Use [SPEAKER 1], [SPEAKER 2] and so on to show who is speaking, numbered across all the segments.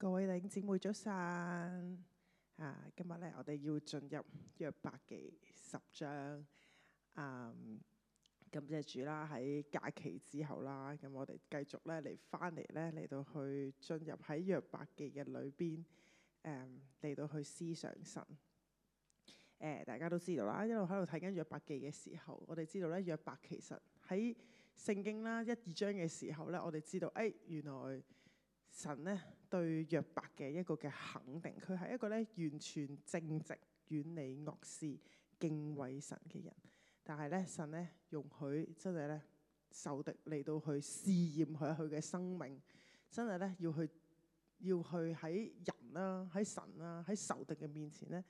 [SPEAKER 1] 各位弟兄姊妹早晨，啊、uh,，今日咧我哋要進入約伯記十章，嗯、um,，咁即係主啦喺假期之後啦，咁我哋繼續咧嚟翻嚟咧嚟到去進入喺約伯記嘅裏邊，誒、um, 嚟到去思想神。誒、uh,，大家都知道啦，一路喺度睇緊約伯記嘅時候，我哋知道咧約伯其實喺聖經啦一二章嘅時候咧，我哋知道誒、哎、原來。神咧對約伯嘅一個嘅肯定，佢係一個咧完全正直、遠離惡事、敬畏神嘅人。但係咧，神咧容許真係咧仇敵嚟到去試驗佢佢嘅生命，真係咧要去要去喺人啦、喺神啦、喺仇敵嘅面前咧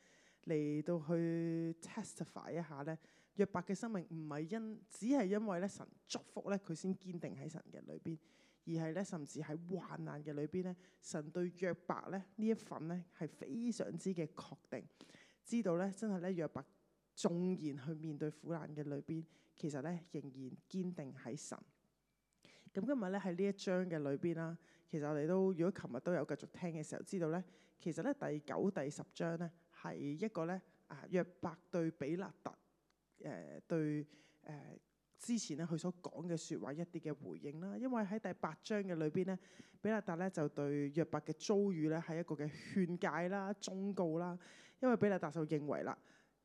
[SPEAKER 1] 嚟到去 testify 一下咧約伯嘅生命唔係因只係因為咧神祝福咧佢先堅定喺神嘅裏邊。而係咧，甚至喺患難嘅裏邊咧，神對約伯咧呢一份咧係非常之嘅確定，知道咧真係咧約伯縱然去面對苦難嘅裏邊，其實咧仍然堅定喺神。咁今日咧喺呢一章嘅裏邊啦，其實我哋都如果琴日都有繼續聽嘅時候，知道咧其實咧第九、第十章咧係一個咧啊約伯對比勒特誒、呃、對誒。呃之前咧，佢所講嘅説話一啲嘅回應啦，因為喺第八章嘅裏邊呢，比勒達咧就對約伯嘅遭遇呢係一個嘅勸戒啦、忠告啦。因為比勒達就認為啦，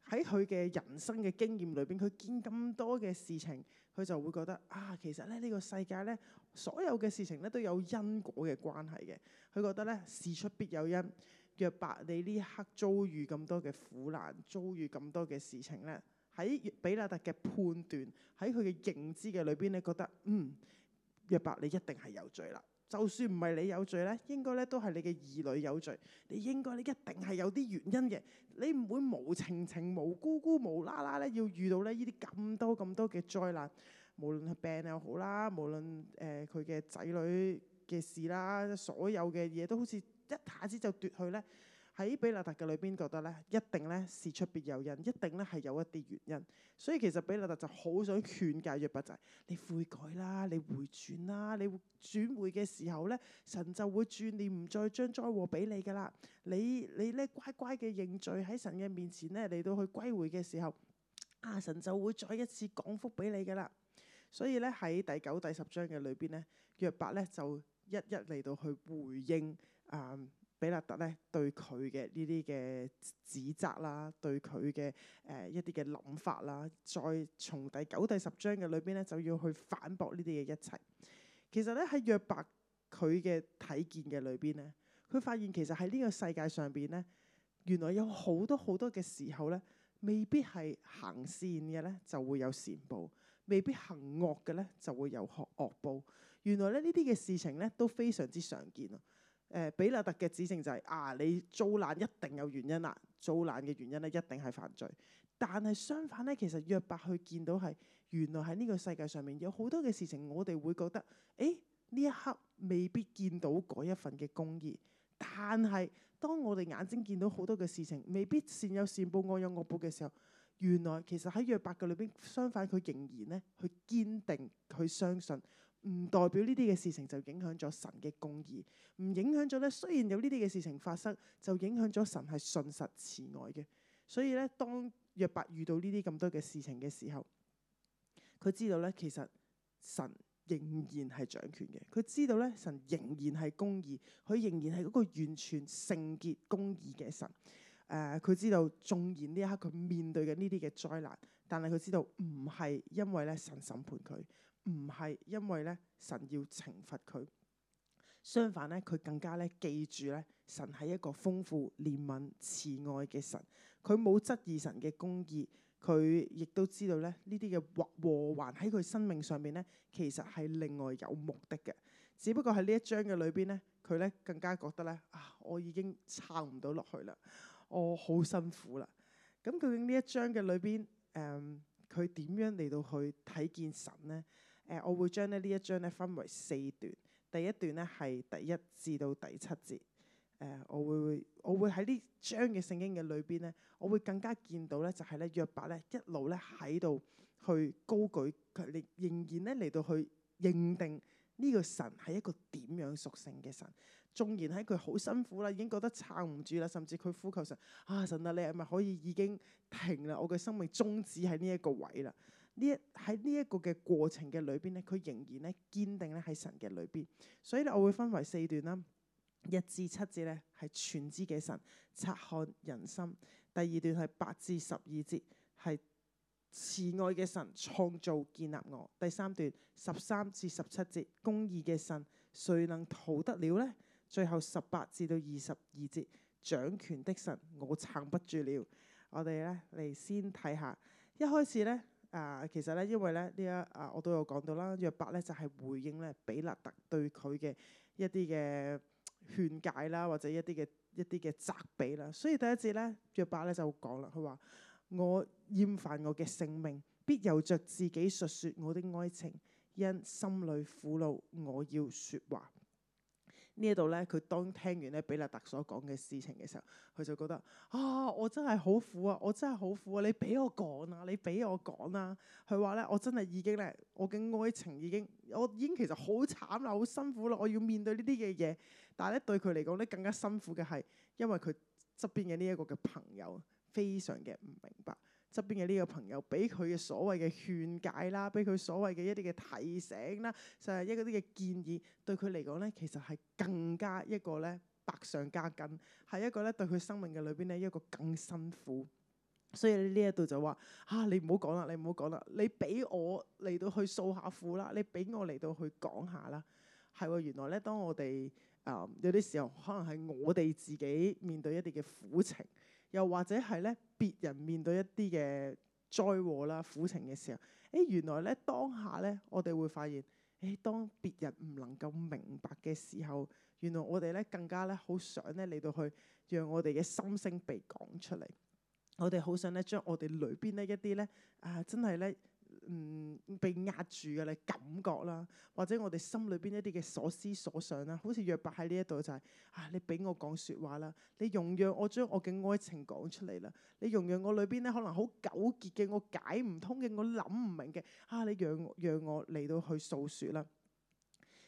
[SPEAKER 1] 喺佢嘅人生嘅經驗裏邊，佢見咁多嘅事情，佢就會覺得啊，其實咧呢個世界呢，所有嘅事情呢都有因果嘅關係嘅。佢覺得呢，事出必有因。約伯你呢一刻遭遇咁多嘅苦難，遭遇咁多嘅事情呢。喺比拉特嘅判斷，喺佢嘅認知嘅裏邊你覺得，嗯，約伯你一定係有罪啦。就算唔係你有罪呢，應該咧都係你嘅兒女有罪。你應該咧一定係有啲原因嘅。你唔會無情情、無辜辜、無啦啦咧，要遇到呢呢啲咁多咁多嘅災難，無論係病又好啦，無論誒佢嘅仔女嘅事啦，所有嘅嘢都好似一下子就奪去呢。喺比勒達嘅裏邊覺得咧，一定咧，事出必有因，一定咧係有一啲原因。所以其實比勒達就好想勸誡約伯就係，你悔改啦，你回轉啦，你轉回嘅時候咧，神就會轉念，唔再將災禍俾你噶啦。你你咧乖乖嘅認罪喺神嘅面前咧，嚟到去歸回嘅時候，啊，神就會再一次降福俾你噶啦。所以咧喺第九、第十章嘅裏邊咧，約伯咧就一一嚟到去回應啊。嗯比勒達咧對佢嘅呢啲嘅指責啦，對佢嘅誒一啲嘅諗法啦，再從第九、第十章嘅裏邊咧就要去反駁呢啲嘅一切。其實咧喺約伯佢嘅睇見嘅裏邊咧，佢發現其實喺呢個世界上邊咧，原來有好多好多嘅時候咧，未必係行善嘅咧就會有善報，未必行惡嘅咧就會有惡惡報。原來咧呢啲嘅事情咧都非常之常見啊！誒，比勒特嘅指證就係、是、啊，你遭難一定有原因啦、啊，遭難嘅原因咧一定係犯罪。但係相反咧，其實約伯去見到係原來喺呢個世界上面有好多嘅事情，我哋會覺得，誒、欸、呢一刻未必見到嗰一份嘅公義。但係當我哋眼睛見到好多嘅事情，未必善有善報、惡有惡報嘅時候，原來其實喺約伯嘅裏邊，相反佢仍然咧去堅定去相信。唔代表呢啲嘅事情就影響咗神嘅公義，唔影響咗咧。雖然有呢啲嘅事情發生，就影響咗神係信實慈愛嘅。所以咧，當約伯遇到呢啲咁多嘅事情嘅時候，佢知道咧，其實神仍然係掌權嘅。佢知道咧，神仍然係公義，佢仍然係嗰個完全聖潔公義嘅神。誒、呃，佢知道縱然呢一刻佢面對嘅呢啲嘅災難，但係佢知道唔係因為咧神審判佢。唔係因為咧，神要懲罰佢。相反咧，佢更加咧記住咧，神係一個豐富憐憫慈愛嘅神。佢冇質疑神嘅公義，佢亦都知道咧呢啲嘅禍禍患喺佢生命上面，咧，其實係另外有目的嘅。只不過喺呢一章嘅裏邊咧，佢咧更加覺得咧啊，我已經撐唔到落去啦，我好辛苦啦。咁究竟呢一章嘅裏邊，誒佢點樣嚟到去睇見神呢？誒，我會將咧呢一章咧分為四段。第一段咧係第一至到第七節。誒，我會會，我會喺呢章嘅聖經嘅裏邊咧，我會更加見到咧，就係咧約伯咧一路咧喺度去高舉佢，仍仍然咧嚟到去認定呢個神係一個點樣屬性嘅神。縱然喺佢好辛苦啦，已經覺得撐唔住啦，甚至佢呼求神啊，神啊，你係咪可以已經停啦？我嘅生命終止喺呢一個位啦。呢一喺呢一個嘅過程嘅裏邊咧，佢仍然咧堅定咧喺神嘅裏邊，所以咧我會分為四段啦，一至七節咧係全知嘅神察看人心；第二段係八至十二節係慈愛嘅神創造建立我；第三段十三至十七節公義嘅神誰能逃得了呢？最後十八至到二十二節掌權的神我撐不住了。我哋咧嚟先睇下一開始呢。啊，uh, 其實咧，因為咧呢一啊，這個 uh, 我都有講到啦。約伯咧就係、是、回應咧比勒達對佢嘅一啲嘅勸解啦，或者一啲嘅一啲嘅責備啦。所以第一節咧，約伯咧就講啦，佢話：我厭煩我嘅性命，必由著自己述説我的哀情，因心裏苦惱，我要説話。呢度呢，佢當聽完呢比勒特所講嘅事情嘅時候，佢就覺得啊，我真係好苦啊，我真係好苦啊！你俾我講啊，你俾我講啦，啊！佢話呢，我真係已經呢，我嘅愛情已經，我已經其實好慘啦，好辛苦啦，我要面對呢啲嘅嘢。但係呢，對佢嚟講呢，更加辛苦嘅係，因為佢側邊嘅呢一個嘅朋友非常嘅唔明白。側邊嘅呢個朋友，俾佢嘅所謂嘅勸解啦，俾佢所謂嘅一啲嘅提醒啦，就係一嗰啲嘅建議，對佢嚟講咧，其實係更加一個咧百上加斤，係一個咧對佢生命嘅裏邊咧一個更辛苦。所以呢一度就話：啊，你唔好講啦，你唔好講啦，你俾我嚟到去訴下苦啦，你俾我嚟到去講下啦。係喎，原來咧，當我哋啊、呃、有啲時候，可能係我哋自己面對一啲嘅苦情。又或者係咧，別人面對一啲嘅災禍啦、苦情嘅時候，誒原來咧當下咧，我哋會發現，誒當別人唔能夠明白嘅時候，原來我哋咧更加咧好想咧嚟到去讓我哋嘅心聲被講出嚟，我哋好想咧將我哋裏邊呢一啲咧啊，真係咧。嗯，被壓住嘅咧感覺啦，或者我哋心裏邊一啲嘅所思所想啦，好似約伯喺呢一度就係、是、啊，你俾我講説話啦，你容讓我將我嘅愛情講出嚟啦，你容讓我裏邊咧可能好糾結嘅，我解唔通嘅，我諗唔明嘅，啊，你讓我讓我嚟到去訴説啦。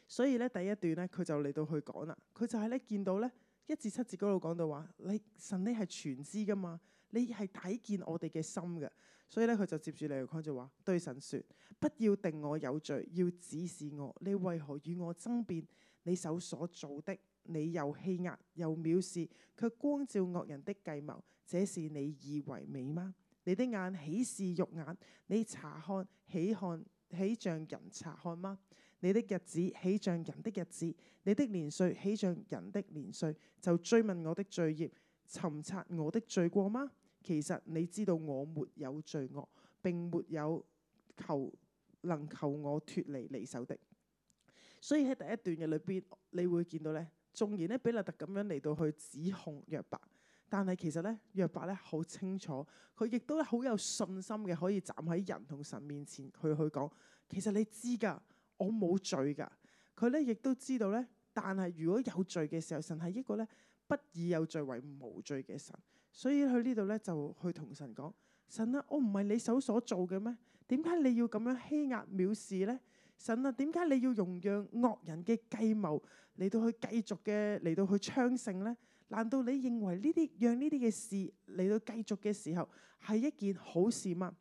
[SPEAKER 1] 所以咧第一段咧佢就嚟到去講啦，佢就係咧見到咧一至七節嗰度講到話，你神你係全知噶嘛，你係睇見我哋嘅心㗎。所以呢，佢就接住嚟佢就話：對神說，不要定我有罪，要指示我。你為何與我爭辯？你手所做的，你又欺壓又藐視，卻光照惡人的計謀，這是你以為美嗎？你的眼豈是肉眼，你查看豈看豈像人查看嗎？你的日子豈像人的日子，你的年歲豈像人的年歲，就追問我的罪孽尋查我的罪過嗎？其實你知道我沒有罪惡，並沒有求能求我脱離離手的。所以喺第一段嘅裏邊，你會見到咧，縱然呢，比勒特咁樣嚟到去指控約伯，但係其實咧約伯咧好清楚，佢亦都好有信心嘅可以站喺人同神面前，佢去講：其實你知㗎，我冇罪㗎。佢咧亦都知道咧，但係如果有罪嘅時候，神係一個咧不以有罪為無罪嘅神。所以去呢度咧就去同神講：神啊，我唔係你手所做嘅咩？點解你要咁樣欺壓藐視咧？神啊，點解你要容讓惡人嘅計謀嚟到去繼續嘅嚟到去昌盛咧？難道你認為呢啲讓呢啲嘅事嚟到繼續嘅時候係一件好事嗎？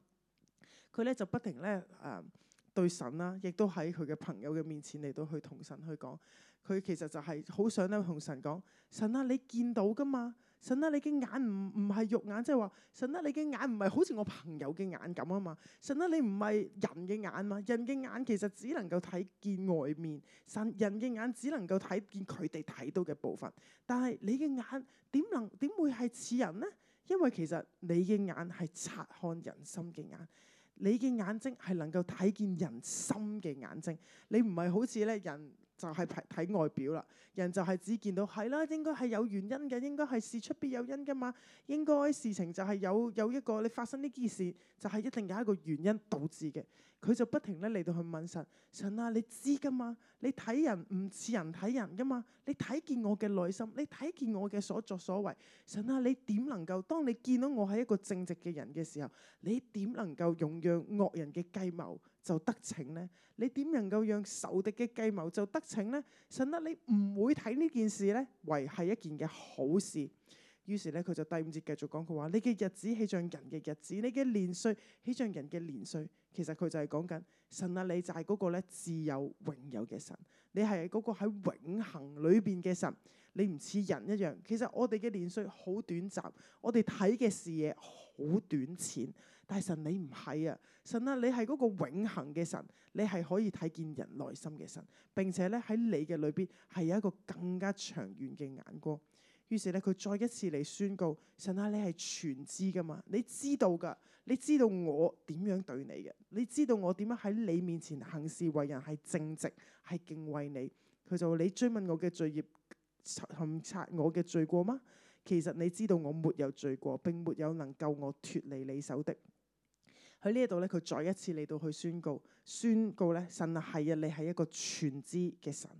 [SPEAKER 1] 佢咧就不停咧誒對神啦，亦都喺佢嘅朋友嘅面前嚟到去同神去講。佢其實就係好想咧同神講：神啊，你見到㗎嘛？神得你嘅眼唔唔係肉眼，即係話神得你嘅眼唔係好似我朋友嘅眼咁啊嘛。神得你唔係人嘅眼嘛，人嘅眼其實只能夠睇見外面，神人嘅眼只能夠睇見佢哋睇到嘅部分，但係你嘅眼點能點會係似人咧？因為其實你嘅眼係察看人心嘅眼，你嘅眼睛係能夠睇見人心嘅眼睛，你唔係好似咧人。就係睇外表啦，人就係只見到係啦，應該係有原因嘅，應該係事出必有因噶嘛，應該事情就係有有一個你發生呢件事，就係一定有一個原因導致嘅。佢就不停咧嚟到去問神，神啊，你知噶嘛？你睇人唔似人睇人噶嘛？你睇見我嘅內心，你睇見我嘅所作所為，神啊，你點能夠當你見到我係一個正直嘅人嘅時候，你點能夠容讓惡人嘅計謀就得逞呢？你點能夠讓仇敵嘅計謀就得逞呢？神啊，你唔會睇呢件事呢？為係一件嘅好事。於是咧，佢就第五節繼續講佢話：你嘅日子豈像人嘅日子，你嘅年歲豈像人嘅年歲。其實佢就係講緊神啊，你就係嗰個咧自有永有嘅神，你係嗰個喺永恆裏邊嘅神。你唔似人一樣，其實我哋嘅年歲好短暫，我哋睇嘅視野好短淺。大神你唔係啊，神啊，你係嗰個永恆嘅神，你係可以睇見人內心嘅神。並且咧，喺你嘅裏邊係有一個更加長遠嘅眼光。於是咧，佢再一次嚟宣告：神啊，你係全知㗎嘛？你知道㗎，你知道我點樣對你嘅，你知道我點樣喺你面前行事為人係正直，係敬畏你。佢就話：你追問我嘅罪孽，尋察我嘅罪過嗎？其實你知道我沒有罪過，並沒有能救我脱離你手的。喺呢一度咧，佢再一次嚟到去宣告，宣告咧，神係啊，你係一個全知嘅神。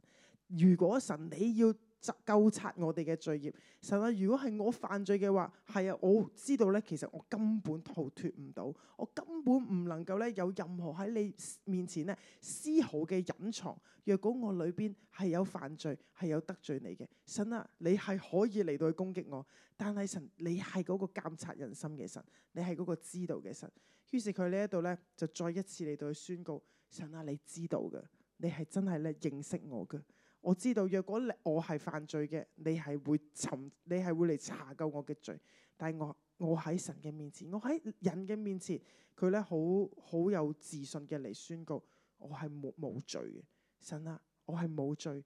[SPEAKER 1] 如果神你要，就究察我哋嘅罪孽，神啊！如果係我犯罪嘅話，係啊！我知道咧，其實我根本逃脫唔到，我根本唔能夠咧有任何喺你面前咧絲毫嘅隱藏。若果我裏邊係有犯罪，係有得罪你嘅，神啊！你係可以嚟到去攻擊我，但係神，你係嗰個監察人心嘅神，你係嗰個知道嘅神。於是佢呢一度咧就再一次嚟到去宣告：神啊，你知道嘅，你係真係咧認識我嘅。我知道若果你我係犯罪嘅，你係會尋你係會嚟查究我嘅罪。但係我我喺神嘅面前，我喺人嘅面前，佢咧好好有自信嘅嚟宣告，我係冇冇罪嘅。神啊，我係冇罪。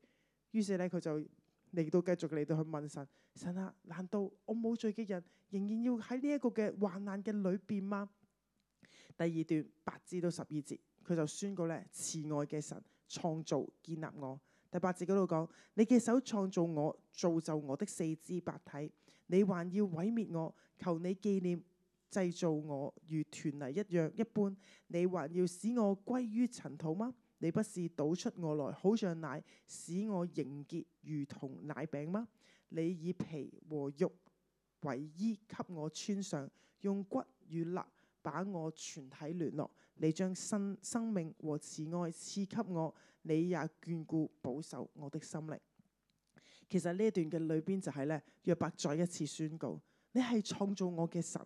[SPEAKER 1] 於是咧佢就嚟到繼續嚟到去問神：神啊，難道我冇罪嘅人仍然要喺呢一個嘅患難嘅裏邊嗎？第二段八至到十二節，佢就宣告咧：慈愛嘅神創造建立我。第八節嗰度講：你嘅手創造我，造就我的四肢百體。你還要毀滅我？求你記念製造我，如團泥一樣一般。你還要使我歸於塵土嗎？你不是倒出我來，好像奶，使我凝結如同奶餅嗎？你以皮和肉為衣給我穿上，用骨與肋把我全體聯絡。你將生生命和慈愛賜給我，你也眷顧保守我的心靈。其實呢一段嘅裏邊就係咧，約伯再一次宣告：你係創造我嘅神，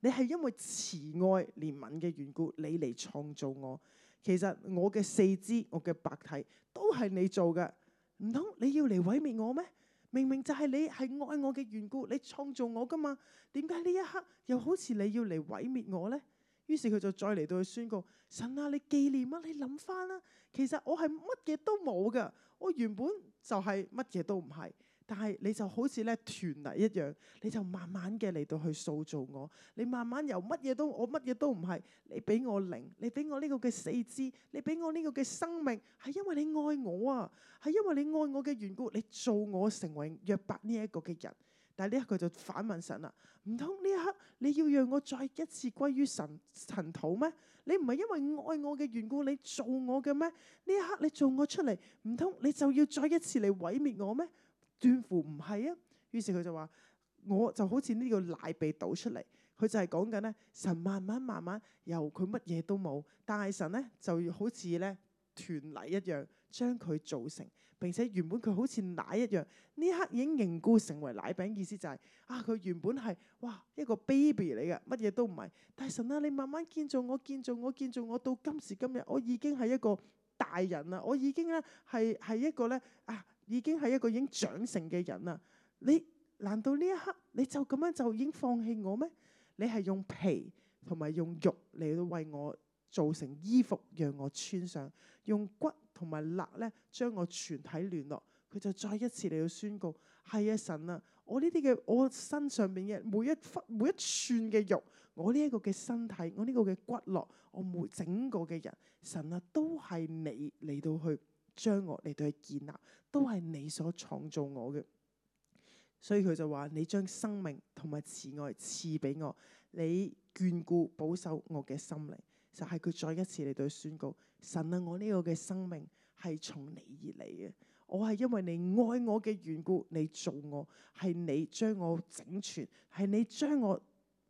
[SPEAKER 1] 你係因為慈愛憐憫嘅緣故，你嚟創造我。其實我嘅四肢、我嘅百體都係你做嘅，唔通你要嚟毀滅我咩？明明就係你係愛我嘅緣故，你創造我噶嘛？點解呢一刻又好似你要嚟毀滅我呢？於是佢就再嚟到去宣告：神啊，你紀念啊，你諗翻啦，其實我係乜嘢都冇噶，我原本就係乜嘢都唔係。但係你就好似咧團泥一樣，你就慢慢嘅嚟到去塑造我。你慢慢由乜嘢都我乜嘢都唔係，你俾我靈，你俾我呢個嘅四肢，你俾我呢個嘅生命，係因為你愛我啊，係因為你愛我嘅緣故，你做我成為約伯呢一個嘅人。但係呢一刻佢就反問神啦，唔通呢一刻你要讓我再一次歸於神塵土咩？你唔係因為愛我嘅緣故你做我嘅咩？呢一刻你做我出嚟，唔通你就要再一次嚟毀滅我咩？斷乎唔係啊！於是佢就話，我就好似呢個奶被倒出嚟，佢就係講緊咧，神慢慢慢慢由佢乜嘢都冇，但係神咧就好似咧團泥一樣將佢做成。並且原本佢好似奶一樣，呢刻已經凝固成為奶餅。意思就係、是、啊，佢原本係哇一個 baby 嚟嘅，乜嘢都唔係。大神啊，你慢慢建造我，建造我，建造我，到今時今日，我已經係一個大人啦，我已經咧係係一個咧啊，已經係一個已經長成嘅人啦。你難道呢一刻你就咁樣就已經放棄我咩？你係用皮同埋用肉嚟到為我做成衣服，讓我穿上，用骨。同埋辣咧，將我全體聯絡，佢就再一次嚟到宣告：係啊，神啊，我呢啲嘅我身上邊嘅每一分每一寸嘅肉，我呢一個嘅身體，我呢個嘅骨骼，我每整個嘅人，神啊，都係你嚟到去將我嚟到去建立，都係你所創造我嘅。所以佢就話：你將生命同埋慈愛賜俾我，你眷顧保守我嘅心靈。就係佢再一次嚟到宣告：神啊，我呢個嘅生命係從你而嚟嘅，我係因為你愛我嘅緣故，你做我，係你將我整全，係你將我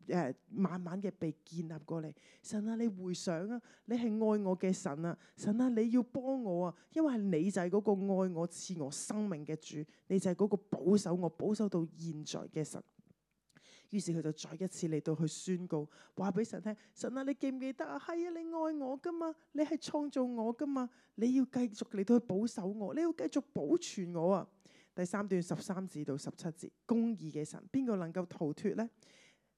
[SPEAKER 1] 誒、呃、慢慢嘅被建立過嚟。神啊，你回想啊，你係愛我嘅神啊，神啊，你要幫我啊，因為你就係嗰個愛我賜我生命嘅主，你就係嗰個保守我保守到現在嘅神。於是佢就再一次嚟到去宣告，話俾神聽：神啊，你記唔記得啊？係啊，你愛我噶嘛？你係創造我噶嘛？你要繼續嚟到去保守我，你要繼續保存我啊！第三段十三節到十七節，公義嘅神，邊個能夠逃脫呢？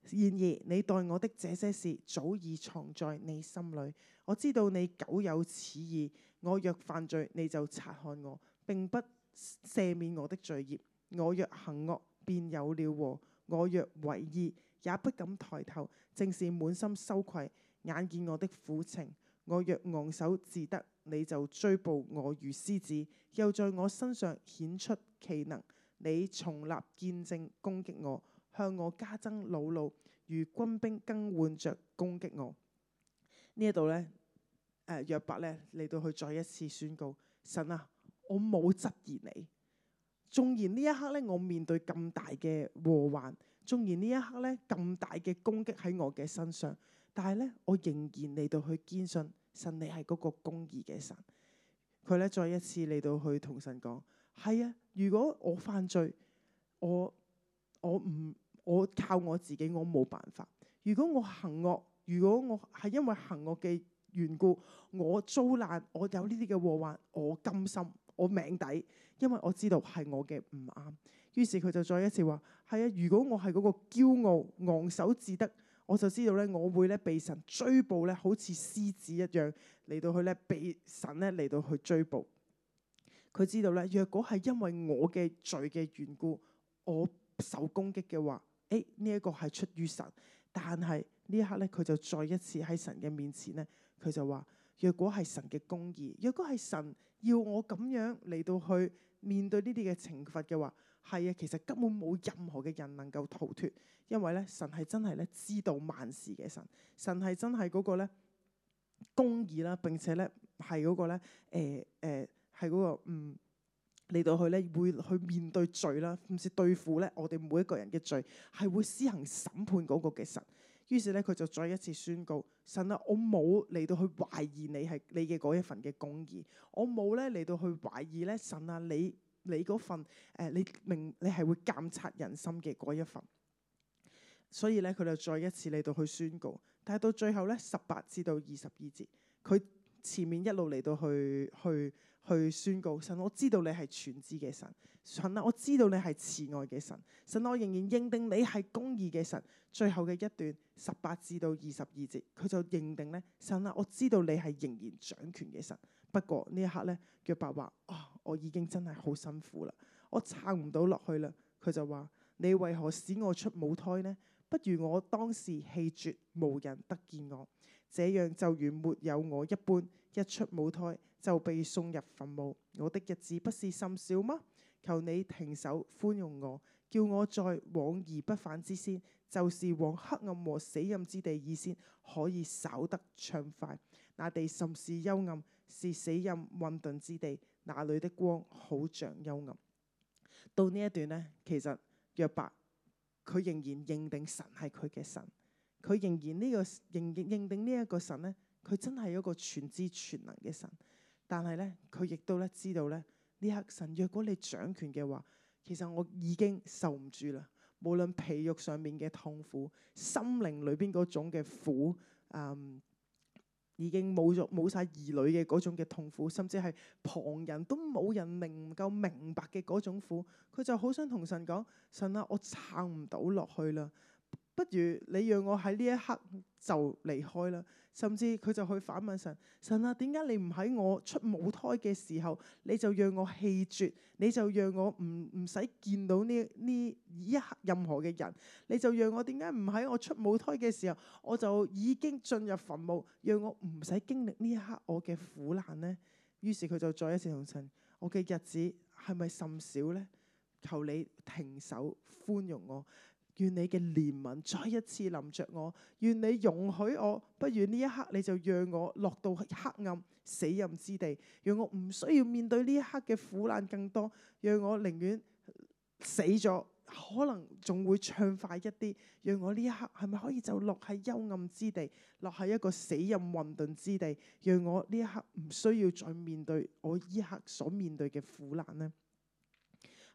[SPEAKER 1] 然而，你待我的這些事早已藏在你心裏。我知道你久有此意。我若犯罪，你就察看我，並不赦免我的罪孽。我若行惡，便有了禍。我若為義，也不敢抬頭，正是滿心羞愧。眼見我的苦情，我若昂首自得，你就追捕我如獅子，又在我身上顯出奇能。你重立見證攻擊我，向我加增惱怒，如軍兵更換着攻擊我。呢一度呢，誒，約伯呢，嚟到去再一次宣告：神啊，我冇質疑你。縱然呢一刻呢，我面對咁大嘅禍患，縱然呢一刻呢咁大嘅攻擊喺我嘅身上，但係呢，我仍然嚟到去堅信神你係嗰個公義嘅神。佢呢再一次嚟到去同神講：係啊，如果我犯罪，我我唔我靠我自己，我冇辦法。如果我行惡，如果我係因為行惡嘅緣故，我遭難，我有呢啲嘅禍患，我甘心。我命底，因為我知道係我嘅唔啱，於是佢就再一次話：係啊，如果我係嗰個驕傲昂首自得，我就知道咧，我會咧被神追捕咧，好似獅子一樣嚟到去咧被神咧嚟到去追捕。佢知道咧，若果係因為我嘅罪嘅緣故，我受攻擊嘅話，誒呢一個係出於神，但係呢一刻咧，佢就再一次喺神嘅面前咧，佢就話：若果係神嘅公義，若果係神。要我咁樣嚟到去面對呢啲嘅懲罰嘅話，係啊，其實根本冇任何嘅人能夠逃脫，因為咧神係真係咧知道萬事嘅神，神係真係嗰個咧公義啦，並且咧係嗰個咧誒誒係嗰個嗯嚟到去咧會去面對罪啦，甚至對付咧我哋每一個人嘅罪，係會施行審判嗰個嘅神。於是咧，佢就再一次宣告：神啊，我冇嚟到去懷疑你係你嘅嗰一份嘅公義，我冇咧嚟到去懷疑咧神啊，你你嗰份誒你明你係會監察人心嘅嗰一份。所以咧，佢就再一次嚟到去宣告。但係到最後咧，十八至到二十二節，佢前面一路嚟到去去去宣告神，我知道你係全知嘅神，神啊，我知道你係慈愛嘅神，神，我仍然認定你係公義嘅神。最後嘅一段十八至到二十二節，佢就認定呢，神啊，我知道你係仍然掌權嘅神。不過呢一刻呢，約伯話：啊、哦，我已經真係好辛苦啦，我撐唔到落去啦。佢就話：你為何使我出母胎呢？不如我當時氣絕，無人得見我，這樣就如沒有我一般，一出母胎，就被送入墳墓。我的日子不是甚少嗎？求你停手寬容我，叫我再往而不返之先，就是往黑暗和死蔭之地以先，可以稍得暢快。那地甚是幽暗，是死蔭混沌之地。那裏的光好像幽暗。到呢一段呢，其實約伯佢仍然認定神係佢嘅神，佢仍然呢個認認，認定呢一個神呢，佢真係一個全知全能嘅神。但係咧，佢亦都咧知道咧，呢刻神若果你掌權嘅話，其實我已經受唔住啦。無論皮肉上面嘅痛苦，心靈裏邊嗰種嘅苦，嗯，已經冇咗冇晒兒女嘅嗰種嘅痛苦，甚至係旁人都冇人明唔夠明白嘅嗰種苦，佢就好想同神講：神啊，我撐唔到落去啦。不如你讓我喺呢一刻就離開啦，甚至佢就去反問神：神啊，點解你唔喺我出母胎嘅時候，你就讓我氣絕，你就讓我唔唔使見到呢呢一刻任何嘅人，你就讓我點解唔喺我出母胎嘅時候，我就已經進入墳墓，讓我唔使經歷呢一刻我嘅苦難呢？於是佢就再一次同神：我嘅日子係咪甚少呢？求你停手寬容我。願你嘅憐憫再一次臨着我，願你容許我，不如呢一刻你就讓我落到黑暗死蔭之地，讓我唔需要面對呢一刻嘅苦難更多，讓我寧願死咗，可能仲會暢快一啲，讓我呢一刻係咪可以就落喺幽暗之地，落喺一個死蔭混沌之地，讓我呢一刻唔需要再面對我呢一刻所面對嘅苦難呢？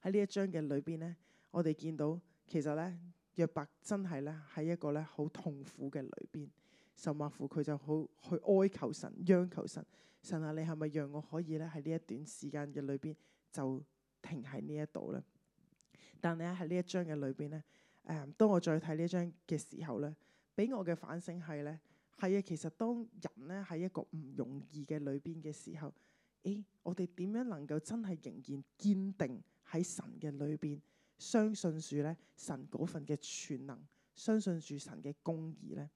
[SPEAKER 1] 喺呢一章嘅裏邊呢，我哋見到。其實咧，約伯真係咧喺一個咧好痛苦嘅裏邊，甚至乎佢就好去哀求神、央求神，神啊，你係咪讓我可以咧喺呢一段時間嘅裏邊就停喺呢一度咧？但係喺呢一章嘅裏邊咧，誒，當我再睇呢一章嘅時候咧，俾我嘅反省係咧，係啊，其實當人咧喺一個唔容易嘅裏邊嘅時候，誒，我哋點樣能夠真係仍然堅定喺神嘅裏邊？相信住咧神嗰份嘅全能，相信住神嘅公義咧，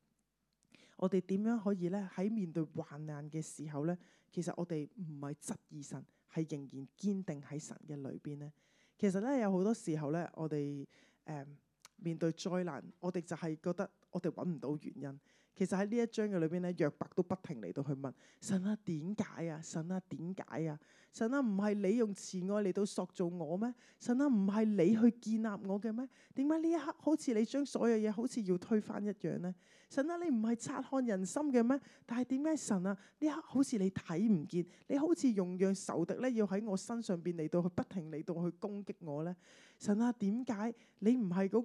[SPEAKER 1] 我哋點樣可以咧喺面對患難嘅時候咧，其實我哋唔係質疑神，係仍然堅定喺神嘅裏邊咧。其實咧有好多時候咧，我哋誒面對災難，我哋就係覺得我哋揾唔到原因。其實喺呢一章嘅裏邊咧，約伯都不停嚟到去問神啊：點解啊？神啊，點解啊？神啊，唔係、啊、你用慈愛嚟到塑造我咩？神啊，唔係你去建立我嘅咩？點解呢一刻好似你將所有嘢好似要推翻一樣咧？神啊，你唔係察看人心嘅咩？但係點解神啊？呢一刻好似你睇唔見，你好似容讓仇敵咧，要喺我身上邊嚟到去不停嚟到去攻擊我咧？神啊，點解你唔係嗰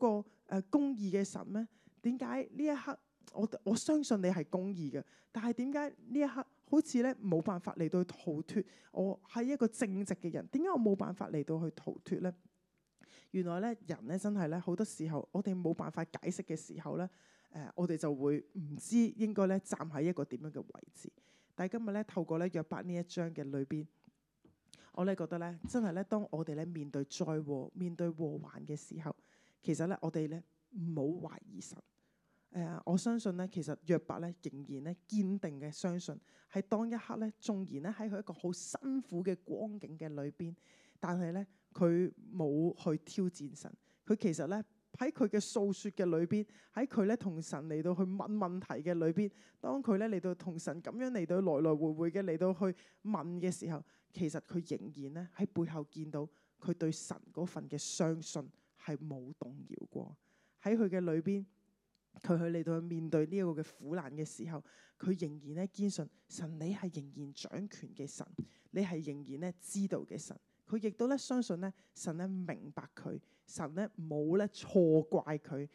[SPEAKER 1] 個誒公義嘅神咩？點解呢一刻？我我相信你係公義嘅，但係點解呢一刻好似咧冇辦法嚟到逃脫？我係一個正直嘅人，點解我冇辦法嚟到去逃脫咧？原來咧，人咧真係咧好多時候,時候，我哋冇辦法解釋嘅時候咧，誒我哋就會唔知應該咧站喺一個點樣嘅位置。但係今日咧，透過咧約伯呢一章嘅裏邊，我咧覺得咧真係咧，當我哋咧面對災禍、面對禍患嘅時候，其實咧我哋咧唔好懷疑神。誒，uh, 我相信咧，其實約伯咧仍然咧堅定嘅相信，喺當一刻咧，縱然咧喺佢一個好辛苦嘅光景嘅裏邊，但係咧佢冇去挑戰神。佢其實咧喺佢嘅訴說嘅裏邊，喺佢咧同神嚟到去問問題嘅裏邊，當佢咧嚟到同神咁樣嚟到來來回回嘅嚟到去問嘅時候，其實佢仍然咧喺背後見到佢對神嗰份嘅相信係冇動搖過喺佢嘅裏邊。佢去嚟到去面對呢一個嘅苦難嘅時候，佢仍然咧堅信神，你係仍然掌權嘅神，你係仍然咧知道嘅神。佢亦都咧相信咧神咧明白佢，神咧冇咧錯怪佢。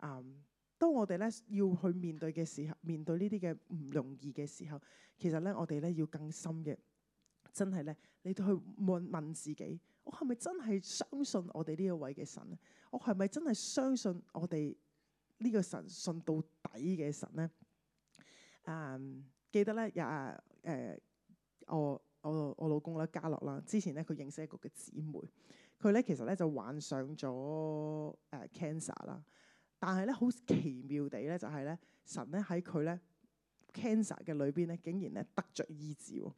[SPEAKER 1] 嗯，當我哋咧要去面對嘅時候，面對呢啲嘅唔容易嘅時候，其實咧我哋咧要更深嘅，真係咧，你都去問問自己，我係咪真係相信我哋呢一位嘅神？我係咪真係相信我哋？呢個神信到底嘅神咧，誒、嗯、記得咧，也誒、呃、我我我老公咧加落啦。之前咧佢認識一個嘅姊妹，佢咧其實咧就患上咗誒 cancer 啦，但係咧好奇妙地咧就係、是、咧神咧喺佢咧 cancer 嘅裏邊咧，竟然咧得着醫治喎。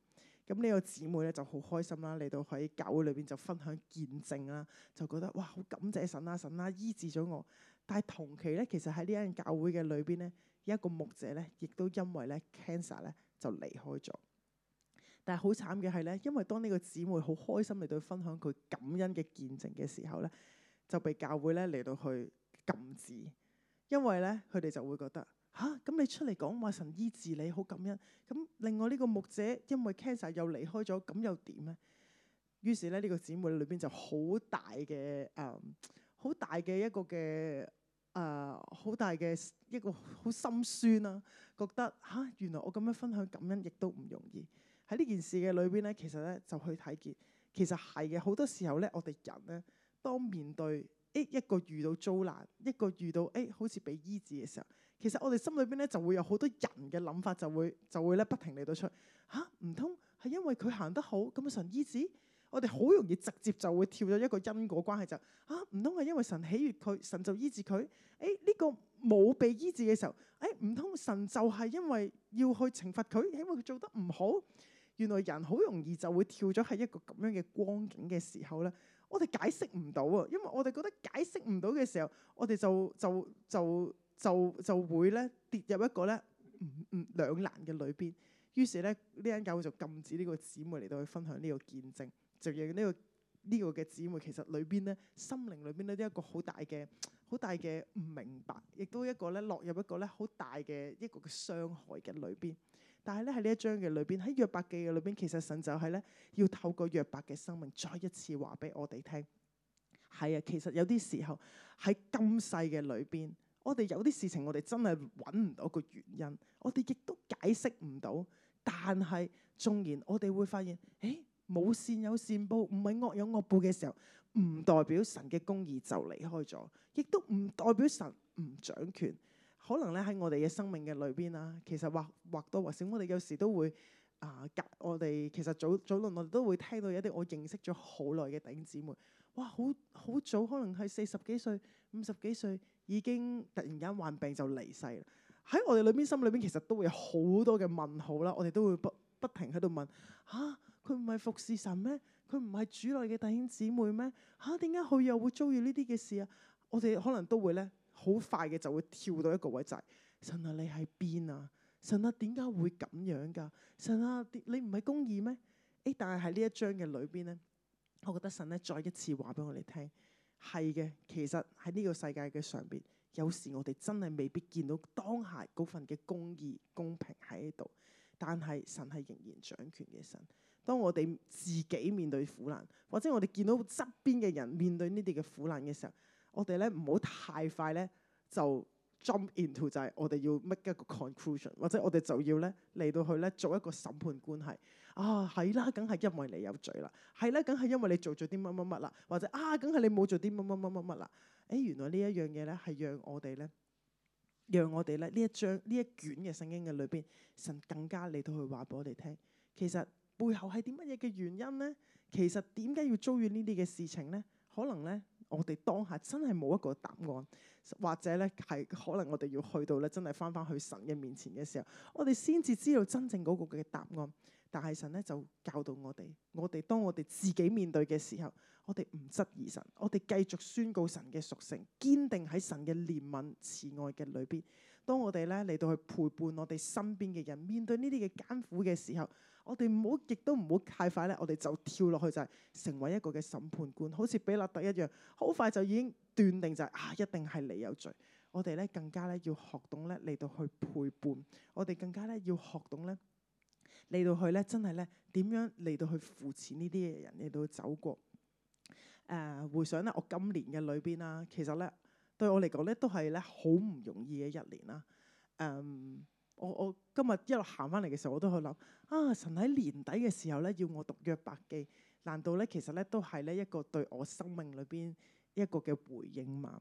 [SPEAKER 1] 咁呢個姊妹咧就好開心啦，嚟到喺教會裏邊就分享見證啦，就覺得哇好感謝神啊神啊醫治咗我。但係同期咧，其實喺呢間教會嘅裏邊呢，有一個牧者呢，亦都因為咧 cancer 咧就離開咗。但係好慘嘅係呢，因為當呢個姊妹好開心嚟到分享佢感恩嘅見證嘅時候呢，就被教會呢嚟到去禁止，因為呢，佢哋就會覺得吓，咁、啊、你出嚟講話神醫治你好感恩，咁另外呢個牧者因為 cancer 又離開咗，咁又點呢？於是呢，呢、呢個姊妹裏邊就好大嘅誒。呃好大嘅一個嘅啊，好、呃、大嘅一個好心酸啦、啊，覺得嚇、啊、原來我咁樣分享感恩亦都唔容易。喺呢件事嘅裏邊咧，其實咧就去睇見，其實係嘅。好多時候咧，我哋人咧，當面對誒一個遇到遭難，一個遇到誒、哎、好似畀醫治嘅時候，其實我哋心裏邊咧就會有好多人嘅諗法就，就會就會咧不停嚟到出嚇，唔通係因為佢行得好，咁神醫治？我哋好容易直接就會跳咗一個因果關係，就啊唔通係因為神喜悅佢，神就醫治佢。誒呢個冇被醫治嘅時候，誒唔通神就係因為要去懲罰佢，因為佢做得唔好。原來人好容易就會跳咗喺一個咁樣嘅光景嘅時候咧，我哋解釋唔到啊，因為我哋覺得解釋唔到嘅時候，我哋就就就就就就會咧跌入一個咧唔唔兩難嘅裏邊。於是咧呢間教會就禁止呢個姊妹嚟到去分享呢個見證。呢、這個呢、這個嘅姊妹其實裏邊咧，心靈裏邊咧，一個好大嘅好大嘅唔明白，亦都一個咧落入一個咧好大嘅一個嘅傷害嘅裏邊。但係咧喺呢一章嘅裏邊，喺約伯記嘅裏邊，其實神就係咧要透過約伯嘅生命再一次話俾我哋聽。係啊，其實有啲時候喺咁細嘅裏邊，我哋有啲事情我哋真係揾唔到個原因，我哋亦都解釋唔到。但係縱然我哋會發現，誒。冇善有善報，唔係惡有惡報嘅時候，唔代表神嘅公義就離開咗，亦都唔代表神唔掌權。可能咧喺我哋嘅生命嘅裏邊啦，其實或或多或少，我哋有時都會啊，隔我哋其實早早輪我哋都會聽到一啲我認識咗好耐嘅弟兄姊妹，哇，好好早，可能係四十幾歲、五十幾歲，已經突然間患病就離世啦。喺我哋裏邊心裏邊，其實都會有好多嘅問號啦。我哋都會不不停喺度問嚇。啊佢唔係服侍神咩？佢唔係主內嘅弟兄姊妹咩？嚇、啊，點解佢又會遭遇呢啲嘅事啊？我哋可能都會咧，好快嘅就會跳到一個位就係、是、神啊！你喺邊啊？神啊，點解會咁樣噶、啊？神啊，你唔係公義咩？哎，但係喺呢一章嘅裏邊咧，我覺得神咧再一次話俾我哋聽係嘅。其實喺呢個世界嘅上邊，有時我哋真係未必見到當下嗰份嘅公義公平喺呢度，但係神係仍然掌權嘅神。當我哋自己面對苦難，或者我哋見到側邊嘅人面對呢啲嘅苦難嘅時候，我哋咧唔好太快咧就 jump into 就係我哋要 make 一個 conclusion，或者我哋就要咧嚟到去咧做一個審判官，係啊，係啦，梗係因為你有罪啦，係啦，梗係因為你做咗啲乜乜乜啦，或者啊，梗係你冇做啲乜乜乜乜乜啦，誒、哎，原來呢一樣嘢咧係讓我哋咧，讓我哋咧呢一章呢一卷嘅聖經嘅裏邊，神更加嚟到去話俾我哋聽，其實。背後係啲乜嘢嘅原因呢？其實點解要遭遇呢啲嘅事情呢？可能咧，我哋當下真係冇一個答案，或者咧係可能我哋要去到咧，真係翻翻去神嘅面前嘅時候，我哋先至知道真正嗰個嘅答案。但係神咧就教導我哋，我哋當我哋自己面對嘅時候，我哋唔質疑神，我哋繼續宣告神嘅屬性，堅定喺神嘅憐憫、慈愛嘅裏邊。當我哋咧嚟到去陪伴我哋身邊嘅人，面對呢啲嘅艱苦嘅時候。我哋唔好，亦都唔好太快咧。我哋就跳落去就係、是、成為一個嘅審判官，好似彼拉多一樣，好快就已經斷定就係、是、啊，一定係你有罪。我哋咧更加咧要學懂咧嚟到去陪伴，我哋更加咧要學懂咧嚟到去咧真係咧點樣嚟到去扶持呢啲嘅人嚟到走過。誒、呃、回想咧，我今年嘅裏邊啦，其實咧對我嚟講咧都係咧好唔容易嘅一年啦。誒、嗯。我我今日一路行翻嚟嘅時候，我都去諗啊！神喺年底嘅時候咧，要我讀約伯記，難道咧其實咧都係咧一個對我生命裏邊一個嘅回應嘛？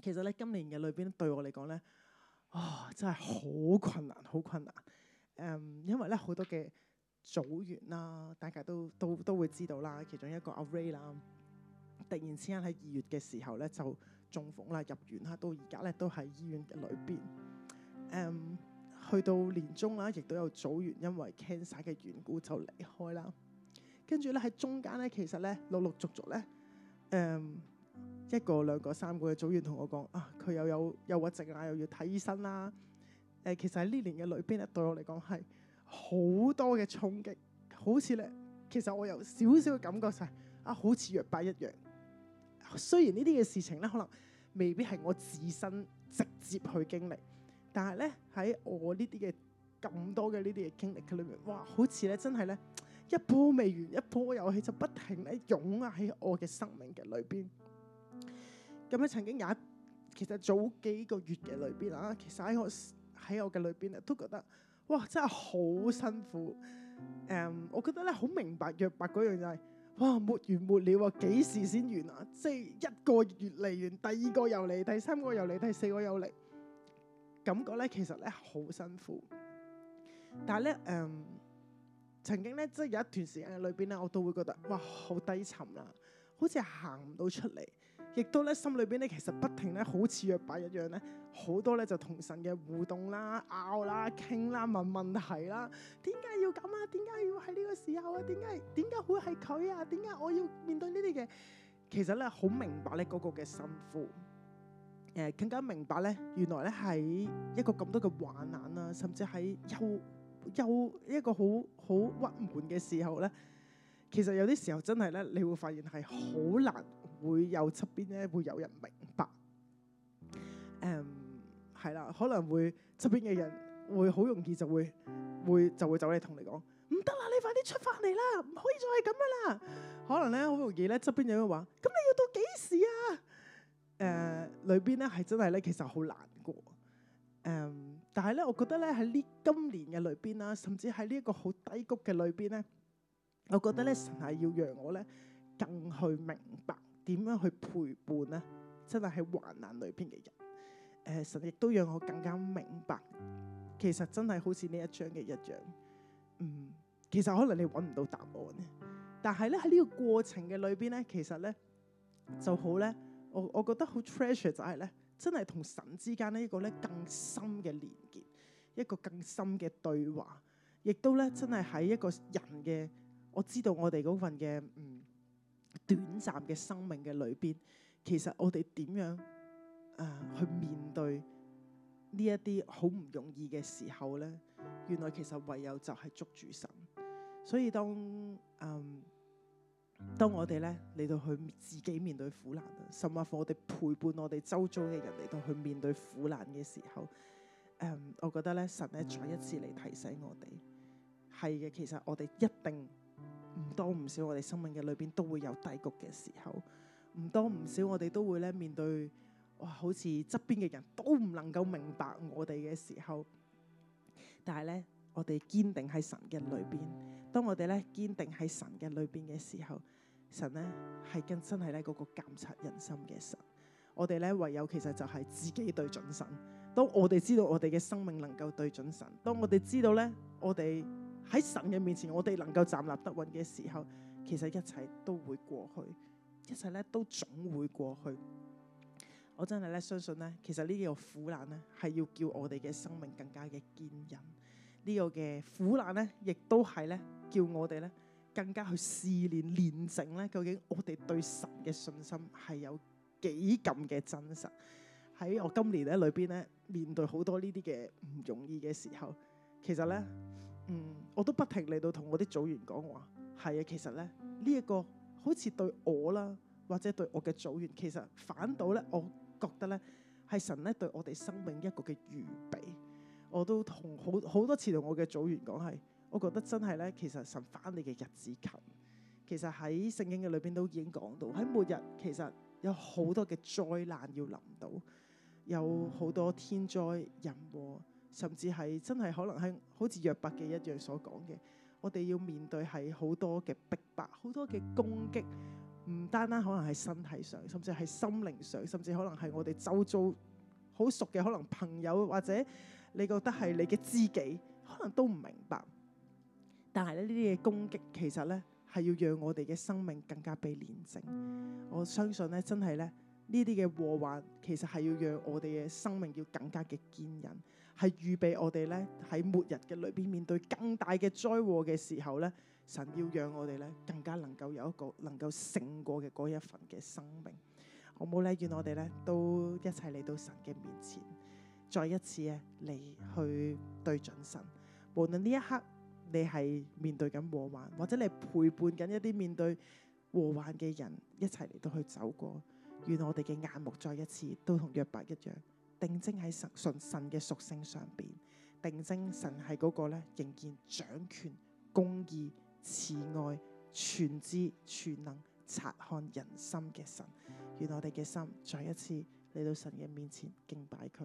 [SPEAKER 1] 其實咧今年嘅裏邊對我嚟講咧，啊真係好困難，好困難。誒、嗯，因為咧好多嘅組員啦、啊，大家都都都會知道啦，其中一個阿 Ray 啦，突然之間喺二月嘅時候咧就中風啦，入院啦，到而家咧都喺醫院嘅裏邊。誒、嗯。去到年中啦，亦都有組員因為 cancer 嘅緣故就離開啦。跟住咧喺中間咧，其實咧陸陸續續咧，誒、嗯、一個兩個三個嘅組員同我講啊，佢又有憂鬱症啊，又要睇醫生啦、啊。誒、啊，其實喺呢年嘅裏邊咧，對我嚟講係好多嘅衝擊，好似咧其實我有少少嘅感覺就係、是、啊，好似弱敗一樣。雖然呢啲嘅事情咧，可能未必係我自身直接去經歷。但係咧喺我呢啲嘅咁多嘅呢啲嘅經歷嘅裏面，哇！好似咧真係咧一波未完，一波遊戲就不停咧湧啊喺我嘅生命嘅裏邊。咁、嗯、咧曾經有一其實早幾個月嘅裏邊啊，其實喺我喺我嘅裏邊咧都覺得哇真係好辛苦。誒、um,，我覺得咧好明白約伯嗰樣就係、是、哇沒完沒了啊，幾時先完啊？即、就、係、是、一個月嚟完，第二個又嚟，第三個又嚟，第四個又嚟。感覺咧，其實咧好辛苦，但係咧，誒、嗯，曾經咧，即係有一段時間嘅裏邊咧，我都會覺得哇，好低沉啦，好似行唔到出嚟，亦都咧心裏邊咧其實不停咧，好似約伯一樣咧，好多咧就同神嘅互動啦、拗啦、傾啦、問問題啦，點解要咁啊？點解要喺呢個時候啊？點解點解會係佢啊？點解我要面對呢啲嘅？其實咧，好明白咧嗰個嘅辛苦。誒、uh, 更加明白咧，原來咧喺一個咁多嘅患難啦，甚至喺又又一個好好鬱悶嘅時候咧，其實有啲時候真係咧，你會發現係好難會有側邊咧會有人明白。誒，係啦，可能會側邊嘅人會好容易就會會就會走嚟同你講，唔得啦，你快啲出返嚟啦，唔可以再係咁樣啦。可能咧好容易咧側邊有個人話，咁你要到幾時啊？誒、呃，裏邊咧係真係咧，其實好難過。嗯，但係咧，我覺得咧喺呢今年嘅裏邊啦，甚至喺呢一個好低谷嘅裏邊咧，我覺得咧神係要讓我咧更去明白點樣去陪伴咧，真係喺患難裏邊嘅人。誒、呃，神亦都讓我更加明白，其實真係好似呢一章嘅一樣。嗯，其實可能你搵唔到答案，但係咧喺呢個過程嘅裏邊咧，其實咧就好咧。我我覺得好 treasure 就係咧，真係同神之間呢一個咧更深嘅連結，一個更深嘅對話，亦都咧真係喺一個人嘅我知道我哋嗰份嘅嗯短暫嘅生命嘅裏邊，其實我哋點樣啊、呃、去面對呢一啲好唔容易嘅時候咧，原來其實唯有就係捉住神，所以當嗯。當我哋咧嚟到去自己面對苦難，甚或乎我哋陪伴我哋周遭嘅人嚟到去面對苦難嘅時候，誒，我覺得咧神咧再一次嚟提醒我哋係嘅。其實我哋一定唔多唔少，我哋生命嘅裏邊都會有低谷嘅時候，唔多唔少，我哋都會咧面對哇，好似側邊嘅人都唔能夠明白我哋嘅時候，但係咧我哋堅定喺神嘅裏邊。當我哋咧堅定喺神嘅裏邊嘅時候，神咧係跟真係咧嗰個監察人心嘅神，我哋咧唯有其實就係自己對準神。當我哋知道我哋嘅生命能夠對準神，當我哋知道咧我哋喺神嘅面前，我哋能夠站立得穩嘅時候，其實一切都會過去，一切咧都總會過去。我真係咧相信咧，其實呢個苦難咧係要叫我哋嘅生命更加嘅堅韌，呢個嘅苦難咧亦都係咧叫我哋咧。更加去試煉煉證咧，究竟我哋對神嘅信心係有幾咁嘅真實？喺我今年咧裏邊咧，面對好多呢啲嘅唔容易嘅時候，其實咧，嗯，我都不停嚟到同我啲組員講話，係啊，其實咧呢一、這個好似對我啦，或者對我嘅組員，其實反倒咧，我覺得咧係神咧對我哋生命一個嘅預備。我都同好好多次同我嘅組員講係。我覺得真係咧，其實神翻你嘅日子近，其實喺聖經嘅裏邊都已經講到喺末日，其實有好多嘅災難要臨到，有好多天災人禍，甚至係真係可能係好似約伯記一樣所講嘅，我哋要面對係好多嘅逼迫，好多嘅攻擊，唔單單可能係身體上，甚至係心靈上，甚至可能係我哋周遭好熟嘅，可能朋友或者你覺得係你嘅知己，可能都唔明白。但係呢啲嘅攻擊其實呢，係要讓我哋嘅生命更加被煉淨。嗯、我相信呢，真係呢，呢啲嘅禍患其實係要讓我哋嘅生命要更加嘅堅韌，係預備我哋呢，喺末日嘅裏邊面對更大嘅災禍嘅時候呢，神要讓我哋呢，更加能夠有一個能夠勝過嘅嗰一份嘅生命。好冇咧？願我哋呢，都一齊嚟到神嘅面前，再一次咧嚟去對準神，無論呢一刻。你係面對緊禍患，或者你陪伴緊一啲面對禍患嘅人，一齊嚟到去走過。願我哋嘅眼目再一次都同約伯一樣，定睛喺神、神嘅屬性上邊，定睛神係嗰個咧，仍然掌權、公義、慈愛、全知、全能、察看人心嘅神。願我哋嘅心再一次嚟到神嘅面前敬拜佢。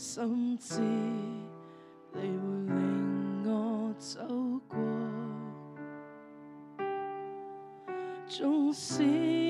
[SPEAKER 2] 甚至你會令我走過。縱使。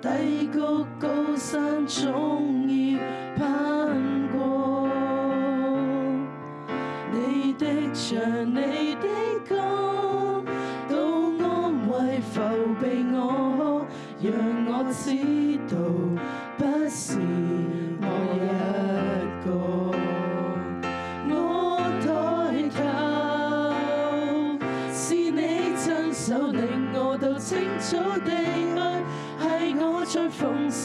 [SPEAKER 2] 低谷高山終於攀過你的牆。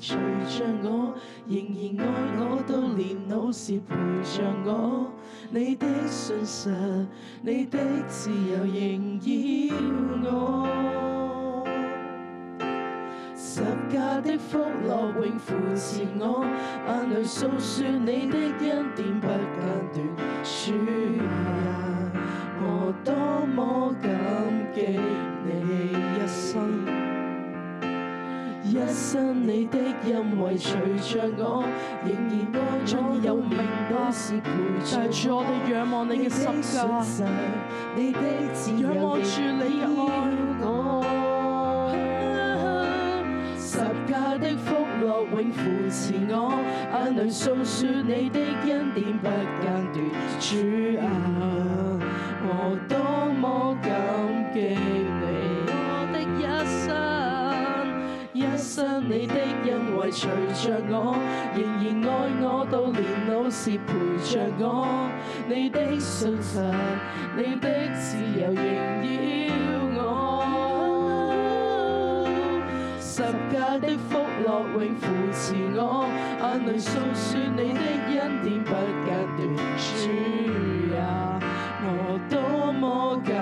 [SPEAKER 2] 隨着我，仍然愛我到年老時陪着我。你的信實，你的自由仍要我。十架的福樂永扶持我，眼淚訴説你的恩典不間斷。主啊，我多麼感激你一生。一生你的恩惠隨着我，仍然安穩又明白。帶住我仰望你嘅十架，你的慈愛，仰望住你愛我。十架的福樂永扶持我，眼淚訴説你的恩典不間斷。主啊，我多麼感激。你的恩惠隨着我，仍然愛我到年老時陪着我。你的信實，你的自由仍繞我。十架的福樂永扶持我，眼淚訴説你的恩典不間斷。主啊，我多麼感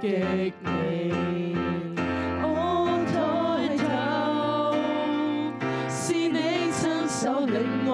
[SPEAKER 2] 激你。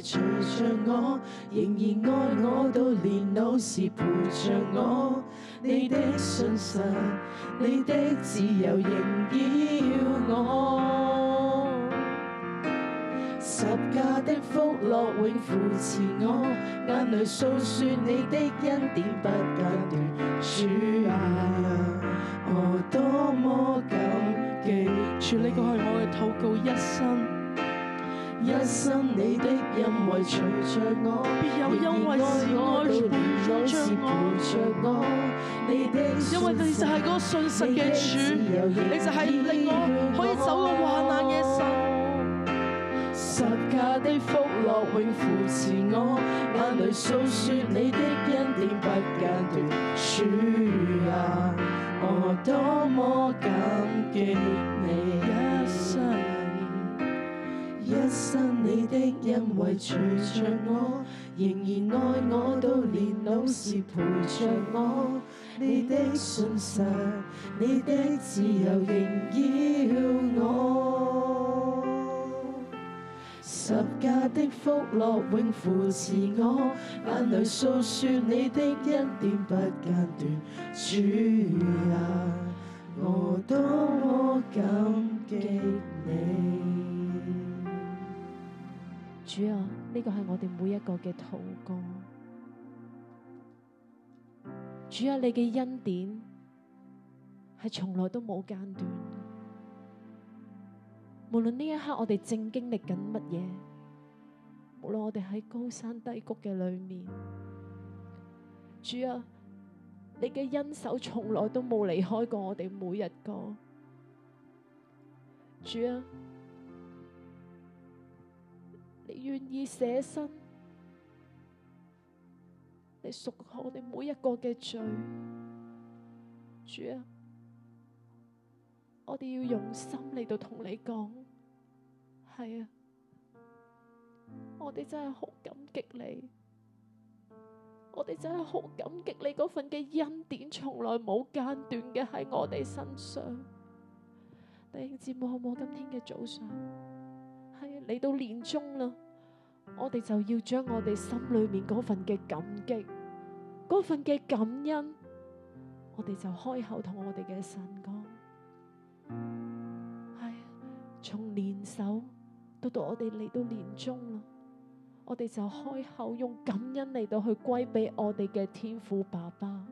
[SPEAKER 2] 隨着我，仍然愛我到年老時陪着我。你的信實，你的自由仍要我。十架的福樂永扶持我，眼淚訴説你的恩典不間斷。主啊，我多麼感激，處理過去我嘅禱告一生。一生你的恩惠隨着我，別有恩惠是我，別有是陪着我，你的恩惠其實係嗰個信實嘅主，你就係令我可以走過患難嘅神。十架的福樂永扶持我，眼淚訴説你的恩典不間斷，主啊，我多麼感激你一生。一生你的恩惠隨着我，仍然愛我到年老時陪着我。你的信實，你的自由仍要我。十架的福樂永扶持我，眼淚訴説你的恩典不間斷。主啊，
[SPEAKER 3] 我多
[SPEAKER 2] 麼感激你。
[SPEAKER 3] 主啊，呢個係我哋每一個嘅禱告。主啊，你嘅恩典係從來都冇間斷。無論呢一刻我哋正經歷緊乜嘢，無論我哋喺高山低谷嘅裏面，主啊，你嘅恩手從來都冇離開過我哋每一個。主啊。願意捨身嚟贖我哋每一個嘅罪，主啊，我哋要用心嚟到同你講，係啊，我哋真係好感激你，我哋真係好感激你嗰份嘅恩典，從來冇間斷嘅喺我哋身上，甚至望望今天嘅早上。嚟到年終啦，我哋就要將我哋心裏面嗰份嘅感激、嗰份嘅感恩，我哋就開口同我哋嘅神講，係啊從年首到到我哋嚟到年終啦，我哋就開口用感恩嚟到去歸俾我哋嘅天父爸爸。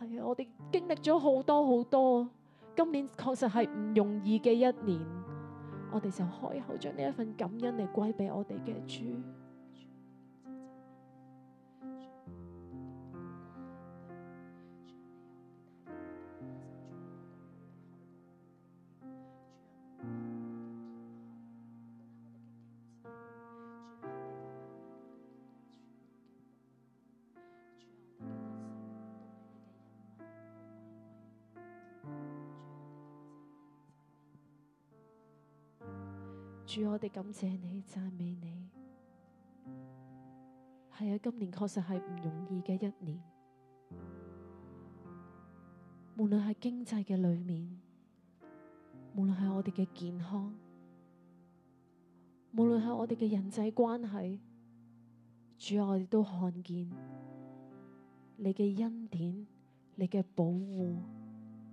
[SPEAKER 3] 係啊，我哋經歷咗好多好多，今年確實係唔容易嘅一年。我哋就開口，將呢一份感恩嚟歸俾我哋嘅主。主，我哋感謝你、讚美你。係啊，今年確實係唔容易嘅一年，無論係經濟嘅裏面，無論係我哋嘅健康，無論係我哋嘅人際關係，主，我哋都看見你嘅恩典、你嘅保護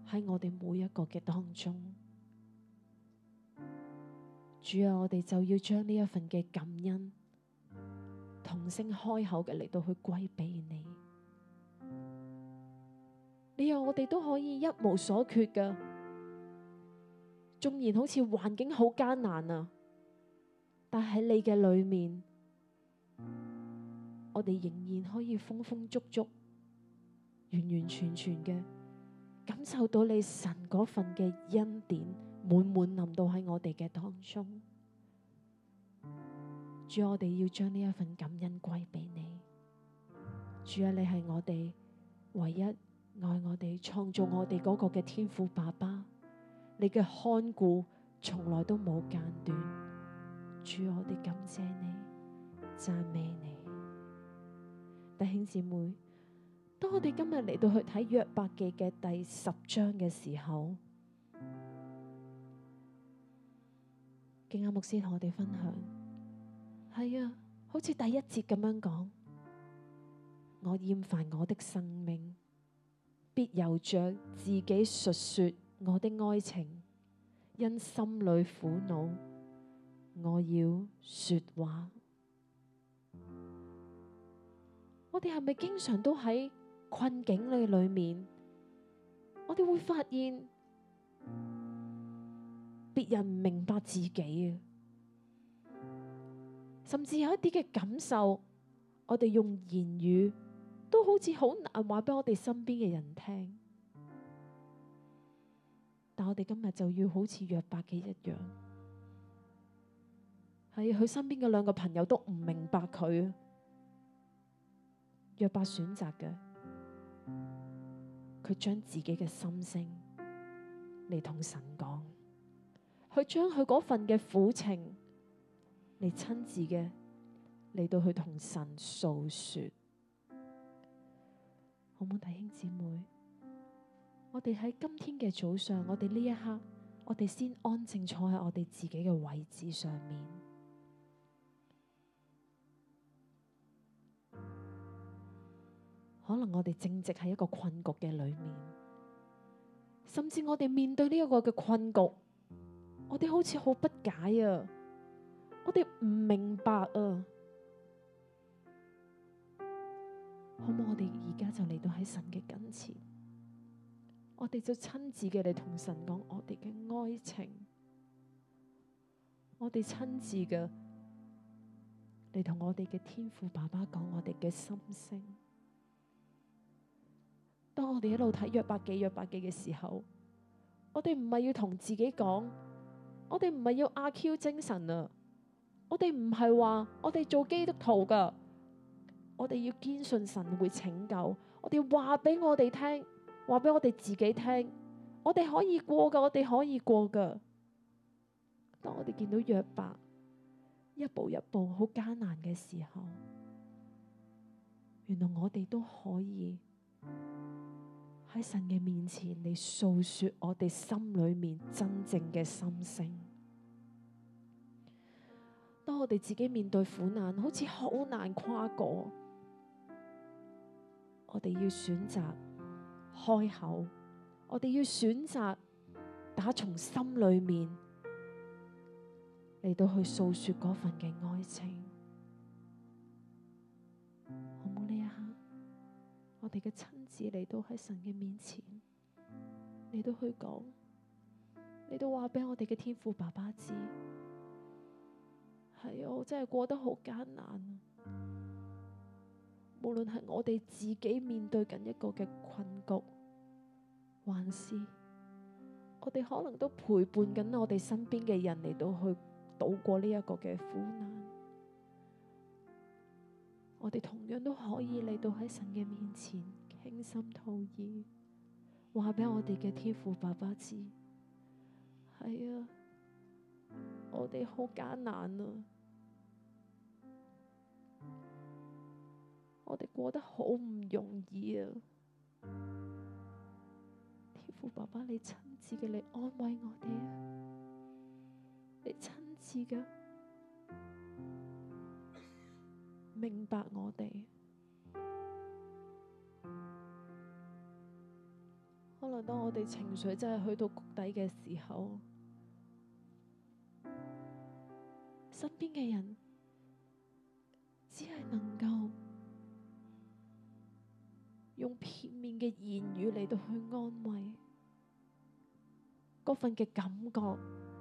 [SPEAKER 3] 喺我哋每一個嘅當中。主啊，我哋就要將呢一份嘅感恩，同聲開口嘅力度去歸俾你。你啊，我哋都可以一無所缺噶，縱然好似環境好艱難啊，但喺你嘅裏面，我哋仍然可以豐豐足足、完完全全嘅感受到你神嗰份嘅恩典。滿滿臨到喺我哋嘅當中，主，我哋要將呢一份感恩歸俾你。主啊，你係我哋唯一愛我哋、創造我哋嗰個嘅天父爸爸，你嘅看顧從來都冇間斷。主，我哋感謝你、讚美你。弟兄姊妹，當我哋今日嚟到去睇約伯記嘅第十章嘅時候，雅牧師同我哋分享，係啊，好似第一節咁樣講，我厭煩我的性命，必由着自己述說我的哀情，因心裏苦惱，我要說話。我哋係咪經常都喺困境裏裏面？我哋會發現。別人唔明白自己啊，甚至有一啲嘅感受，我哋用言語都好似好難話俾我哋身邊嘅人聽。但我哋今日就要好似約伯嘅一樣，係佢身邊嘅兩個朋友都唔明白佢。約伯選擇嘅，佢將自己嘅心聲嚟同神講。佢將佢嗰份嘅苦情嚟親自嘅嚟到去同神訴說，好唔好？弟兄姊妹，我哋喺今天嘅早上，我哋呢一刻，我哋先安靜坐喺我哋自己嘅位置上面。可能我哋正值喺一個困局嘅裏面，甚至我哋面對呢一個嘅困局。我哋好似好不解啊！我哋唔明白啊！好唔好？我哋而家就嚟到喺神嘅跟前，我哋就親自嘅嚟同神講我哋嘅愛情，我哋親自嘅嚟同我哋嘅天父爸爸講我哋嘅心聲。當我哋一路睇約伯記約伯記嘅時候，我哋唔係要同自己講。我哋唔係要阿 Q 精神啊！我哋唔係話我哋做基督徒噶，我哋要堅信神會拯救。我哋要話俾我哋聽，話俾我哋自己聽，我哋可以過噶，我哋可以過噶。當我哋見到約伯一步一步好艱難嘅時候，原來我哋都可以。喺神嘅面前，嚟訴說我哋心裏面真正嘅心聲。當我哋自己面對苦難，好似好難跨過，我哋要選擇開口，我哋要選擇打從心裏面嚟到去訴說嗰份嘅愛情。我哋嘅親自嚟到喺神嘅面前，你都去講，你都話俾我哋嘅天父爸爸知，係、嗯、我真係過得好艱難。無論係我哋自己面對緊一個嘅困局，還是我哋可能都陪伴緊我哋身邊嘅人嚟到去度過呢一個嘅苦難。我哋同樣都可以嚟到喺神嘅面前傾心吐意，話俾我哋嘅天父爸爸知。係啊，我哋好艱難啊，我哋過得好唔容易啊！天父爸爸，你親自嘅嚟安慰我哋，啊！你親自嘅。明白我哋，可能當我哋情緒真係去到谷底嘅時候，身邊嘅人只係能夠用片面嘅言語嚟到去安慰嗰份嘅感覺。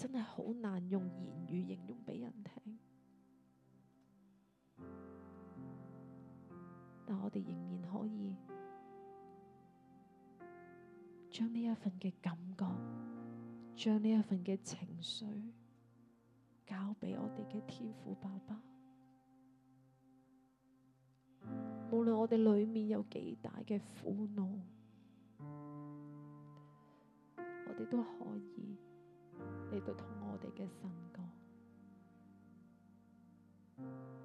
[SPEAKER 3] 真係好難用言語形容俾人聽，但我哋仍然可以將呢一份嘅感覺，將呢一份嘅情緒交俾我哋嘅天父爸爸。無論我哋裏面有幾大嘅苦惱，我哋都可以。嚟到同我哋嘅神講。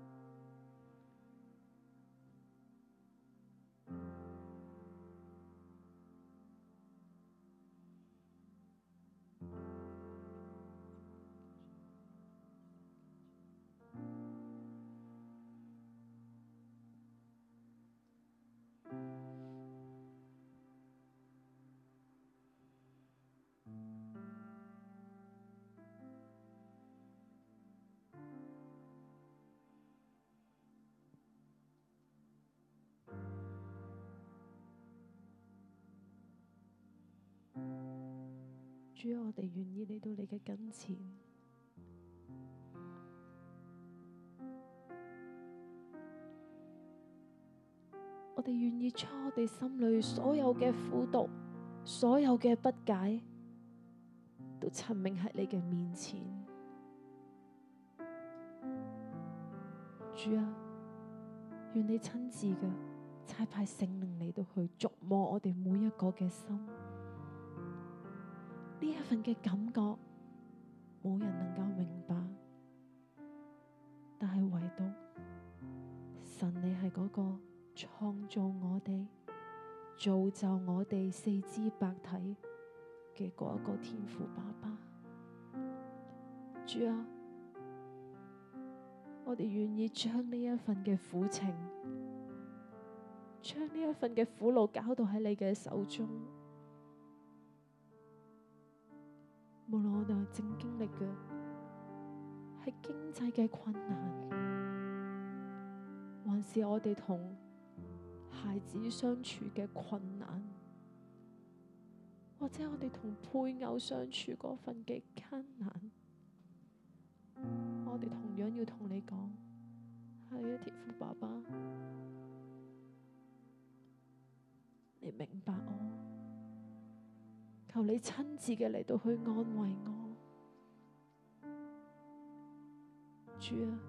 [SPEAKER 3] 主啊，我哋願意嚟到你嘅跟前，我哋願意將我哋心裏所有嘅苦毒、所有嘅不解，都陳明喺你嘅面前。主啊，願你親自嘅差派聖靈嚟到去觸摸我哋每一個嘅心。呢一份嘅感覺，冇人能夠明白，但係唯獨神，你係嗰個創造我哋、造就我哋四肢百體嘅嗰一個天父爸爸。主啊，我哋願意將呢一份嘅苦情，將呢一份嘅苦惱，交到喺你嘅手中。無論我哋正經歷嘅係經濟嘅困難，還是我哋同孩子相處嘅困難，或者我哋同配偶相處嗰份嘅艱難，我哋同樣要同你講，係、哎、啊，天父爸爸，你明白我。求你親自嘅嚟到去安慰我，主啊，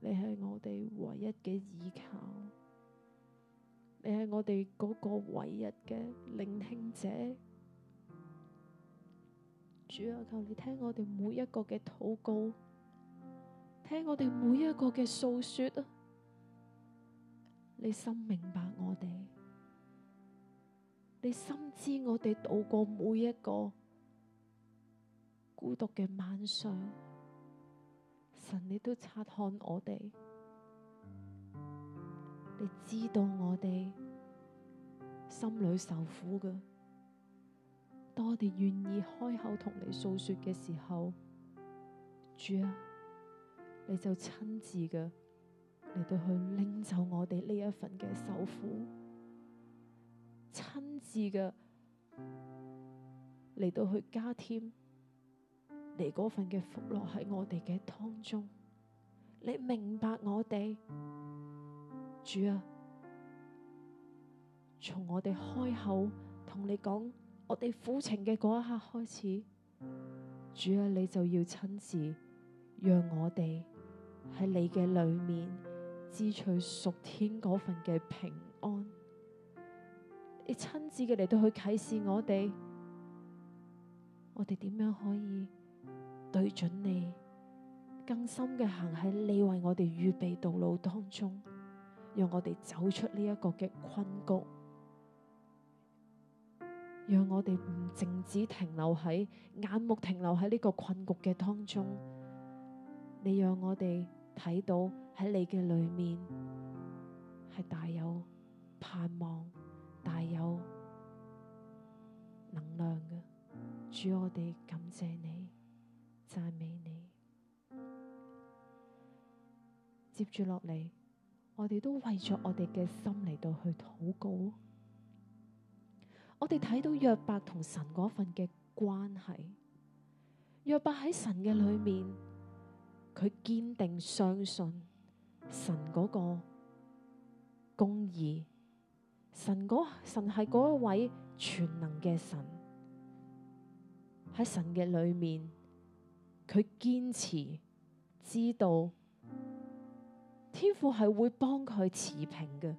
[SPEAKER 3] 你係我哋唯一嘅依靠，你係我哋嗰個唯一嘅聆聽者，主啊，求你聽我哋每一個嘅禱告，聽我哋每一個嘅訴說啊，你心明白我哋。你深知我哋度過每一個孤獨嘅晚上，神，你都察看我哋，你知道我哋心裏受苦㗎，當我哋願意開口同你訴說嘅時候，主啊，你就親自嘅嚟到去拎走我哋呢一份嘅受苦。親自嘅嚟到去加添你嗰份嘅福樂喺我哋嘅湯中，你明白我哋主啊，從我哋開口同你講我哋苦情嘅嗰一刻開始，主啊，你就要親自讓我哋喺你嘅裏面，支取屬天嗰份嘅平安。你親自嘅嚟到去啟示我哋，我哋點樣可以對準你，更深嘅行喺你為我哋預備道路當中，讓我哋走出呢一個嘅困局，讓我哋唔淨止停留喺眼目停留喺呢個困局嘅當中，你讓我哋睇到喺你嘅裏面係大有盼望。大有能量嘅主，我哋感謝你，讚美你。接住落嚟，我哋都為咗我哋嘅心嚟到去禱告。我哋睇到約伯同神嗰份嘅關係，約伯喺神嘅裏面，佢堅定相信神嗰個公義。神嗰神係嗰一位全能嘅神，喺神嘅裏面，佢堅持知道天父係會幫佢持平嘅。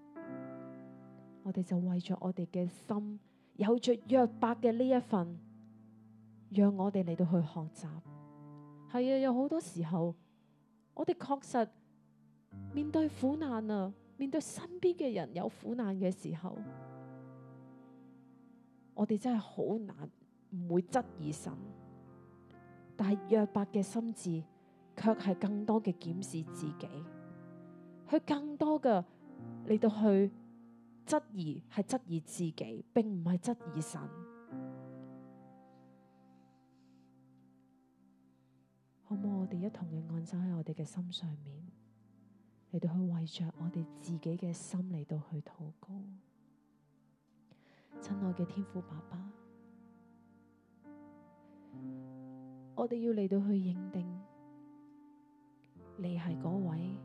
[SPEAKER 3] 我哋就為咗我哋嘅心，有著約伯嘅呢一份，讓我哋嚟到去學習。係啊，有好多時候，我哋確實面對苦難啊。面對身邊嘅人有苦難嘅時候，我哋真係好難唔會質疑神，但係約伯嘅心智卻係更多嘅檢視自己，佢更多嘅嚟到去質疑係質疑自己，並唔係質疑神。好唔好？我哋一同嘅按手喺我哋嘅心上面。嚟到去為着我哋自己嘅心嚟到去禱告，親愛嘅天父爸爸，我哋要嚟到去認定你係嗰位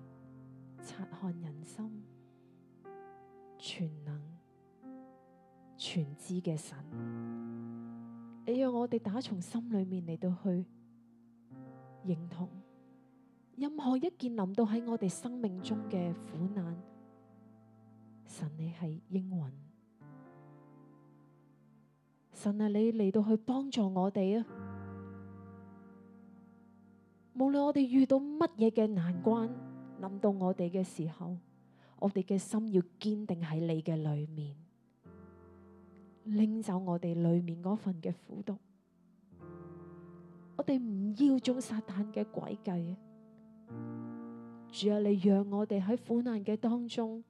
[SPEAKER 3] 察看人心、全能全知嘅神，你讓我哋打從心裏面嚟到去認同。任何一件臨到喺我哋生命中嘅苦難，神你係應允，神啊你嚟到去幫助我哋啊！無論我哋遇到乜嘢嘅難關，臨到我哋嘅時候，我哋嘅心要堅定喺你嘅裏面，拎走我哋裏面嗰份嘅苦毒，我哋唔要中撒旦嘅詭計。主啊，你讓我哋喺苦難嘅當中，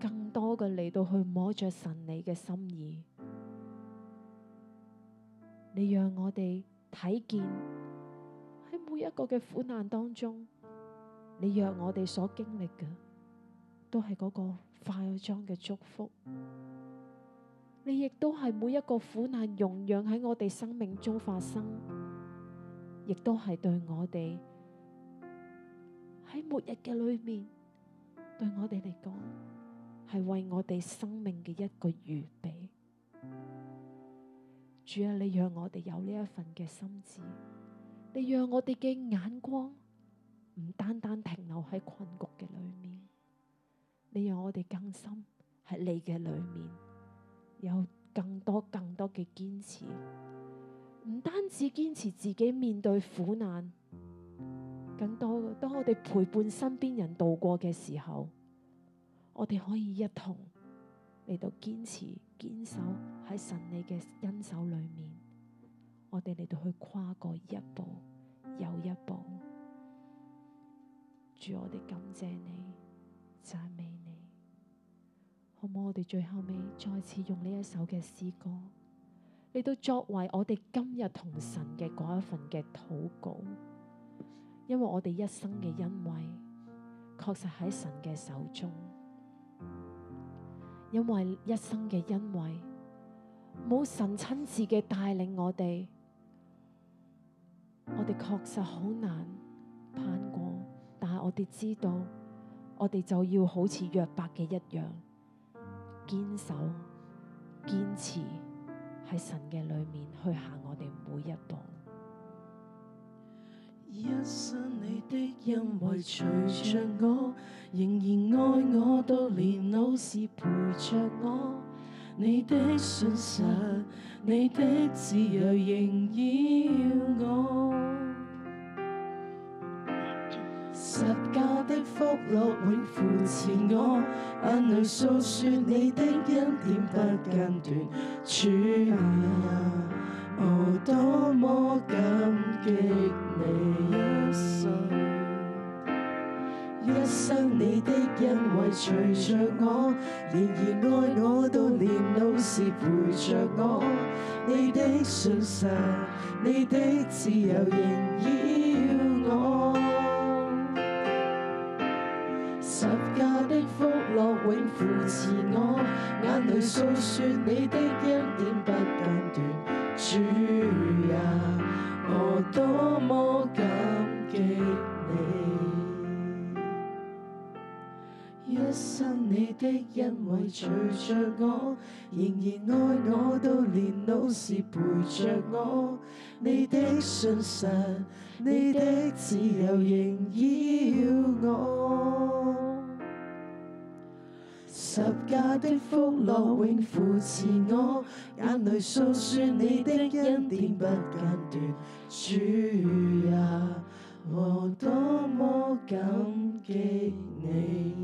[SPEAKER 3] 更多嘅嚟到去摸着神你嘅心意。你讓我哋睇見喺每一個嘅苦難當中，你讓我哋所經歷嘅都係嗰個化妝嘅祝福，你亦都係每一個苦難容讓喺我哋生命中發生，亦都係對我哋。喺末日嘅裏面，對我哋嚟講係為我哋生命嘅一個預備。主啊，你讓我哋有呢一份嘅心志，你讓我哋嘅眼光唔單單停留喺困局嘅裏面，你讓我哋更深喺你嘅裏面有更多更多嘅堅持，唔單止堅持自己面對苦難。更多嘅，當我哋陪伴身邊人度過嘅時候，我哋可以一同嚟到堅持、堅守喺神你嘅恩手裏面。我哋嚟到去跨過一步又一步。主，我哋感謝你，讚美你。好唔好？我哋最後尾再次用呢一首嘅詩歌，嚟到作為我哋今日同神嘅嗰一份嘅禱告。因為我哋一生嘅恩惠，確實喺神嘅手中。因為一生嘅恩惠，冇神親自嘅帶領我哋，我哋確實好難攀過。但係我哋知道，我哋就要好似約伯嘅一樣，堅守、堅持喺神
[SPEAKER 2] 嘅裏面去行我哋每一步。一生你的恩惠隨着我，仍然愛我到年老時陪着我。你的信實，你的自由仍要我。十架的福樂永扶持我，眼淚訴説你的恩典不間斷主，主我多麼感激你一生，一生你的恩惠隨着我，仍然愛我到年老時陪着我，你的信實，你的自由仍然。扶持我，眼淚訴説你的恩典不間斷，主啊，我多麼感激你。一生你的恩惠隨着我，仍然愛我到年老時陪着我，你的信實，你的自由仍繞我。十架的福樂永扶持我眼淚，眼淚訴説你的恩典不間斷。 主啊，我多麼感激你，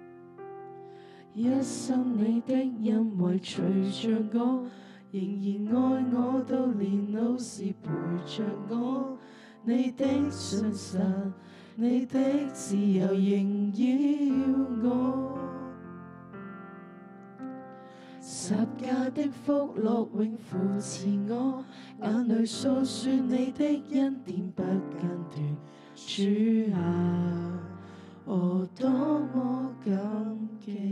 [SPEAKER 2] 一生你的恩惠隨着我，仍然愛我到年老時陪着我，你的信實。你的自由仍繞我，十架的福祿永扶持我，眼淚訴說你的恩典不間斷，主啊，我多麼感激。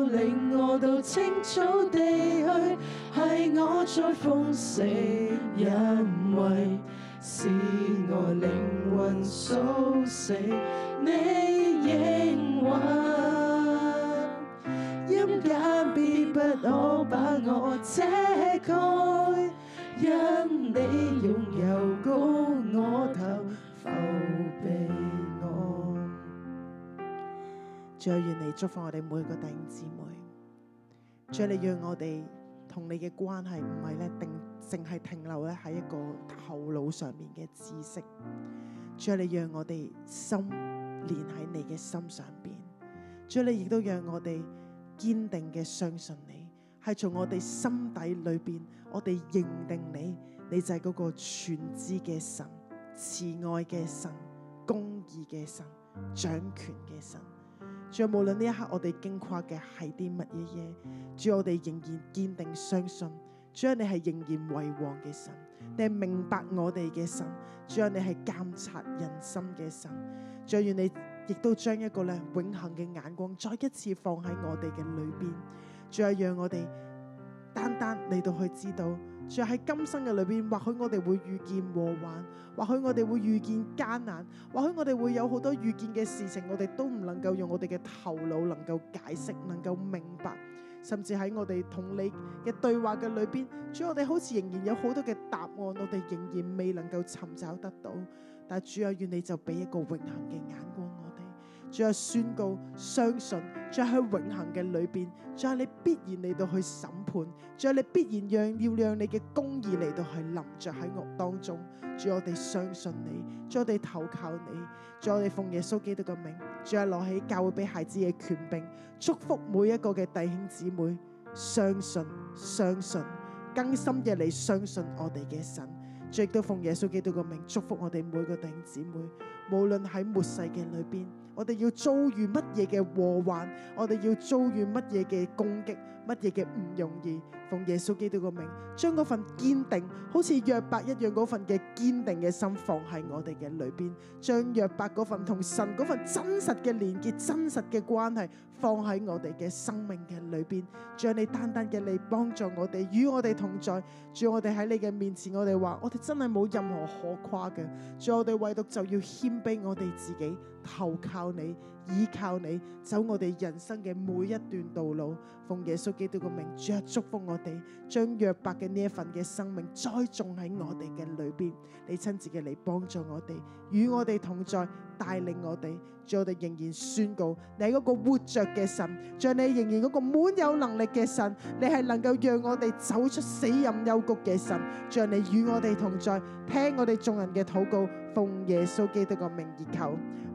[SPEAKER 2] 領我到青草地去，係我在封死。因為使我靈魂蘇醒，你應允，陰間必不可把我遮蓋，因你擁有高我
[SPEAKER 1] 頭，浮背。主願嚟祝福我哋每一個弟兄姊妹。主，你讓我哋同你嘅關係唔係咧，定淨係停留咧喺一個頭腦上面嘅知識。主，你讓我哋心連喺你嘅心上邊。主，你亦都讓我哋堅定嘅相信你，係從我哋心底裏邊，我哋認定你，你就係嗰個全知嘅神、慈愛嘅神、公義嘅神、掌權嘅神。主啊，無論呢一刻我哋經跨嘅係啲乜嘢嘢，主啊，我哋仍然堅定相信，主啊，你係仍然為王嘅神，你係明白我哋嘅神，主啊，你係監察人心嘅神，主啊，你亦都將一個呢永恒嘅眼光再一次放喺我哋嘅裏邊，主啊，讓我哋單單嚟到去知道。主喺今生嘅裏邊，或許我哋會遇見禍患，或許我哋會遇見艱難，或許我哋會有好多遇見嘅事情，我哋都唔能夠用我哋嘅頭腦能夠解釋、能夠明白，甚至喺我哋同你嘅對話嘅裏邊，主要我哋好似仍然有好多嘅答案，我哋仍然未能夠尋找得到，但主啊，願你就俾一個永恒嘅眼光主宣告相信，主喺永恒嘅裏邊，主你必然嚟到去審判，主你必然讓要，要讓你嘅公義嚟到去臨着喺我當中。主我哋相信你，主我哋投靠你，主我哋奉耶穌基督嘅名，主係攞起教會俾孩子嘅權柄，祝福每一個嘅弟兄姊妹相信相信更深嘅你相信我哋嘅神，主亦都奉耶穌基督嘅名祝福我哋每個弟兄姊妹，無論喺末世嘅裏邊。我哋要遭遇乜嘢嘅禍患？我哋要遭遇乜嘢嘅攻擊？乜嘢嘅唔容易？奉耶穌基督嘅名，將嗰份堅定，好似約伯一樣嗰份嘅堅定嘅心放喺我哋嘅裏邊，將約伯嗰份同神嗰份真實嘅連結、真實嘅關係放喺我哋嘅生命嘅裏邊。主，你單單嘅你幫助我哋，與我哋同在。主，我哋喺你嘅面前，我哋話我哋真係冇任何可誇嘅。主，我哋唯獨就要謙卑我哋自己。投靠你，依靠你，走我哋人生嘅每一段道路。奉耶穌基督嘅名，着祝福我哋，將約伯嘅呢一份嘅生命栽種喺我哋嘅裏邊。你親自嘅嚟幫助我哋，與我哋同在，帶領我哋。我哋仍然宣告，你嗰個活着嘅神，像你仍然嗰個滿有能力嘅神，你係能夠讓我哋走出死蔭幽谷嘅神。像你與我哋同在，聽我哋眾人嘅禱告。奉耶穌基督嘅名而求。